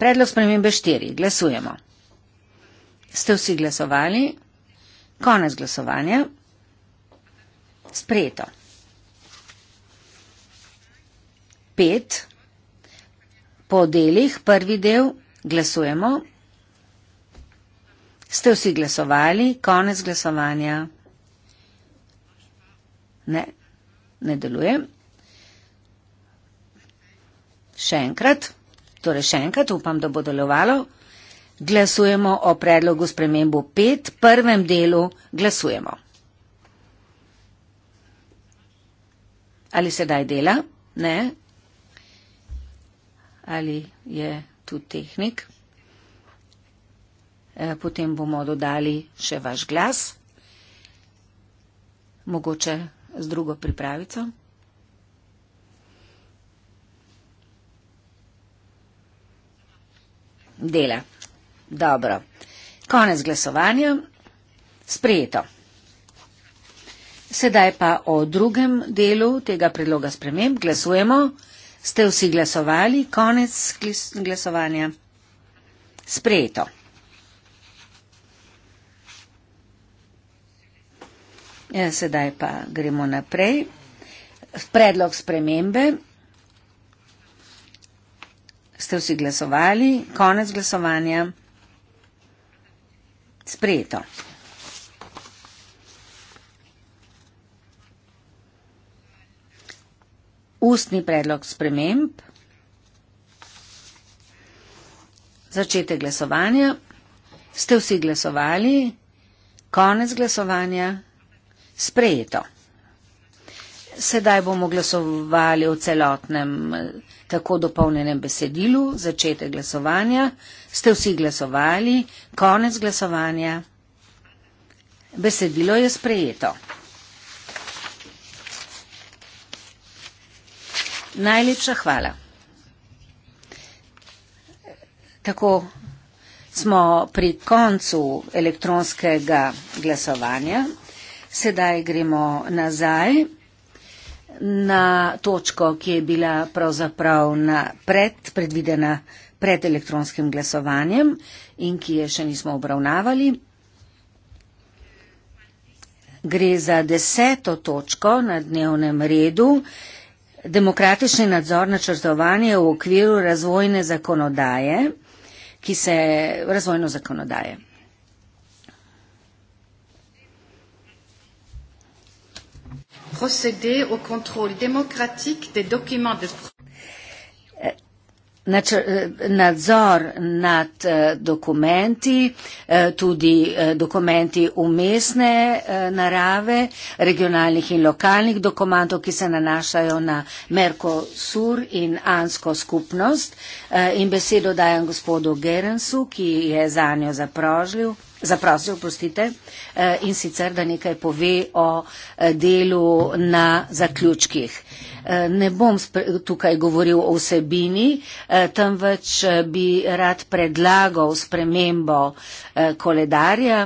Predlog spremembe štiri. Glasujemo. Ste vsi glasovali? Konec glasovanja. Sprejeto. Pet. Po delih prvi del glasujemo. Ste vsi glasovali? Konec glasovanja. Ne ne deluje. Še enkrat, torej še enkrat, upam, da bo delovalo. Glasujemo o predlogu spremembo 5, prvem delu glasujemo. Ali sedaj dela? Ne. Ali je tu tehnik? Eh, potem bomo dodali še vaš glas. Mogoče z drugo pripravico. Dela. Dobro. Konec glasovanja. Sprejeto. Sedaj pa o drugem delu tega predloga sprememb glasujemo. Ste vsi glasovali? Konec glasovanja. Sprejeto. Ja, sedaj pa gremo naprej. Predlog spremembe. Ste vsi glasovali? Konec glasovanja. Sprejeto. Ustni predlog sprememb. Začete glasovanja. Ste vsi glasovali? Konec glasovanja. Sprejeto. Sedaj bomo glasovali o celotnem tako dopolnenem besedilu, začete glasovanja. Ste vsi glasovali, konec glasovanja. Besedilo je sprejeto. Najlepša hvala. Tako smo pri koncu elektronskega glasovanja. Sedaj gremo nazaj na točko, ki je bila pravzaprav na pred, predvidena pred elektronskim glasovanjem in ki je še nismo obravnavali. Gre za deseto točko na dnevnem redu. Demokratični nadzor na črtovanje v okviru razvojne zakonodaje, ki se razvojno zakonodaje. procéder au contrôle démocratique des documents de preuve. Eh, eh, nadzor nad eh, dokumenti, tudi dokumenti umestne narave, regionalnih in lokalnih dokumentov, ki se nanašajo na Mercosur in Ansko skupnost. In besedo dajem gospodu Gerensu, ki je za njo zaprožil zaprosil, prostite, eh, in sicer, da nekaj pove o eh, delu na zaključkih. Eh, ne bom tukaj govoril o vsebini, temveč bi rad predlagal spremembo koledarja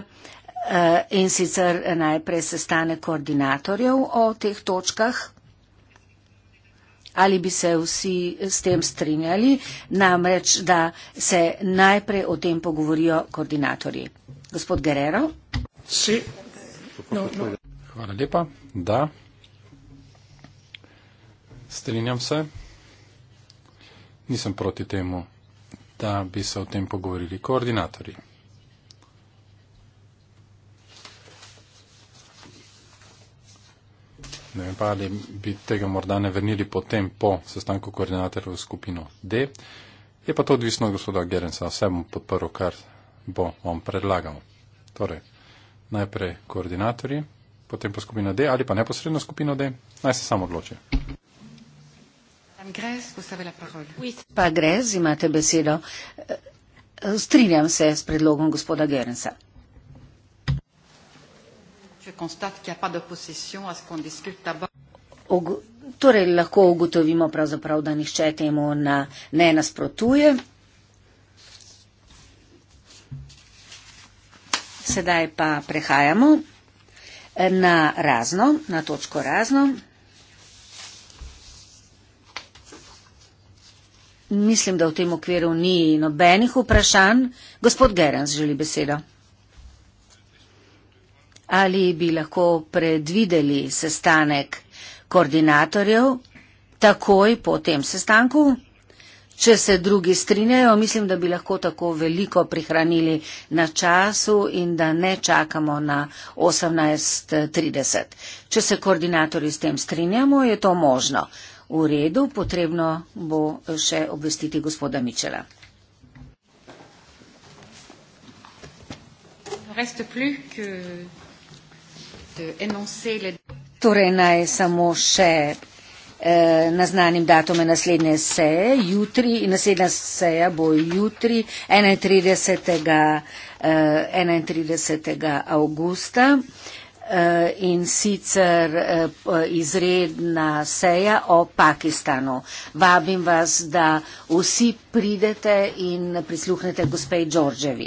in sicer najprej sestane koordinatorjev o teh točkah. Ali bi se vsi s tem strinjali, namreč, da se najprej o tem pogovorijo koordinatorji. Gospod Guerrero? Si. No, no. Hvala lepa. Da. Strinjam se. Nisem proti temu, da bi se o tem pogovorili koordinatorji. Ne vem pa, ali bi tega morda ne vrnili potem po sestanku koordinatorjev v skupino D. Je pa to odvisno od gospoda Gerensa. Vse bom podprl, kar bo on predlagal. Torej, najprej koordinatorji, potem pa skupina D ali pa neposredno skupino D, naj se samo odloči. Pa Grez, imate besedo. Eh, strinjam se s predlogom gospoda Gerensa. Torej lahko ugotovimo pravzaprav, da nišče temu na, ne nasprotuje. Sedaj pa prehajamo na razno, na točko razno. Mislim, da v tem okviru ni nobenih vprašanj. Gospod Gerens želi besedo. Ali bi lahko predvideli sestanek koordinatorjev takoj po tem sestanku? Če se drugi strinjajo, mislim, da bi lahko tako veliko prihranili na času in da ne čakamo na 18.30. Če se koordinatorji s tem strinjamo, je to možno. V redu, potrebno bo še obvestiti gospoda Mičela. Torej naj samo še Eh, na znanim datume naslednje seje. Jutri, naslednja seja bo jutri 31. 31. augusta in sicer eh, izredna seja o Pakistanu. Vabim vas, da vsi pridete in prisluhnete gospej Đorđevi.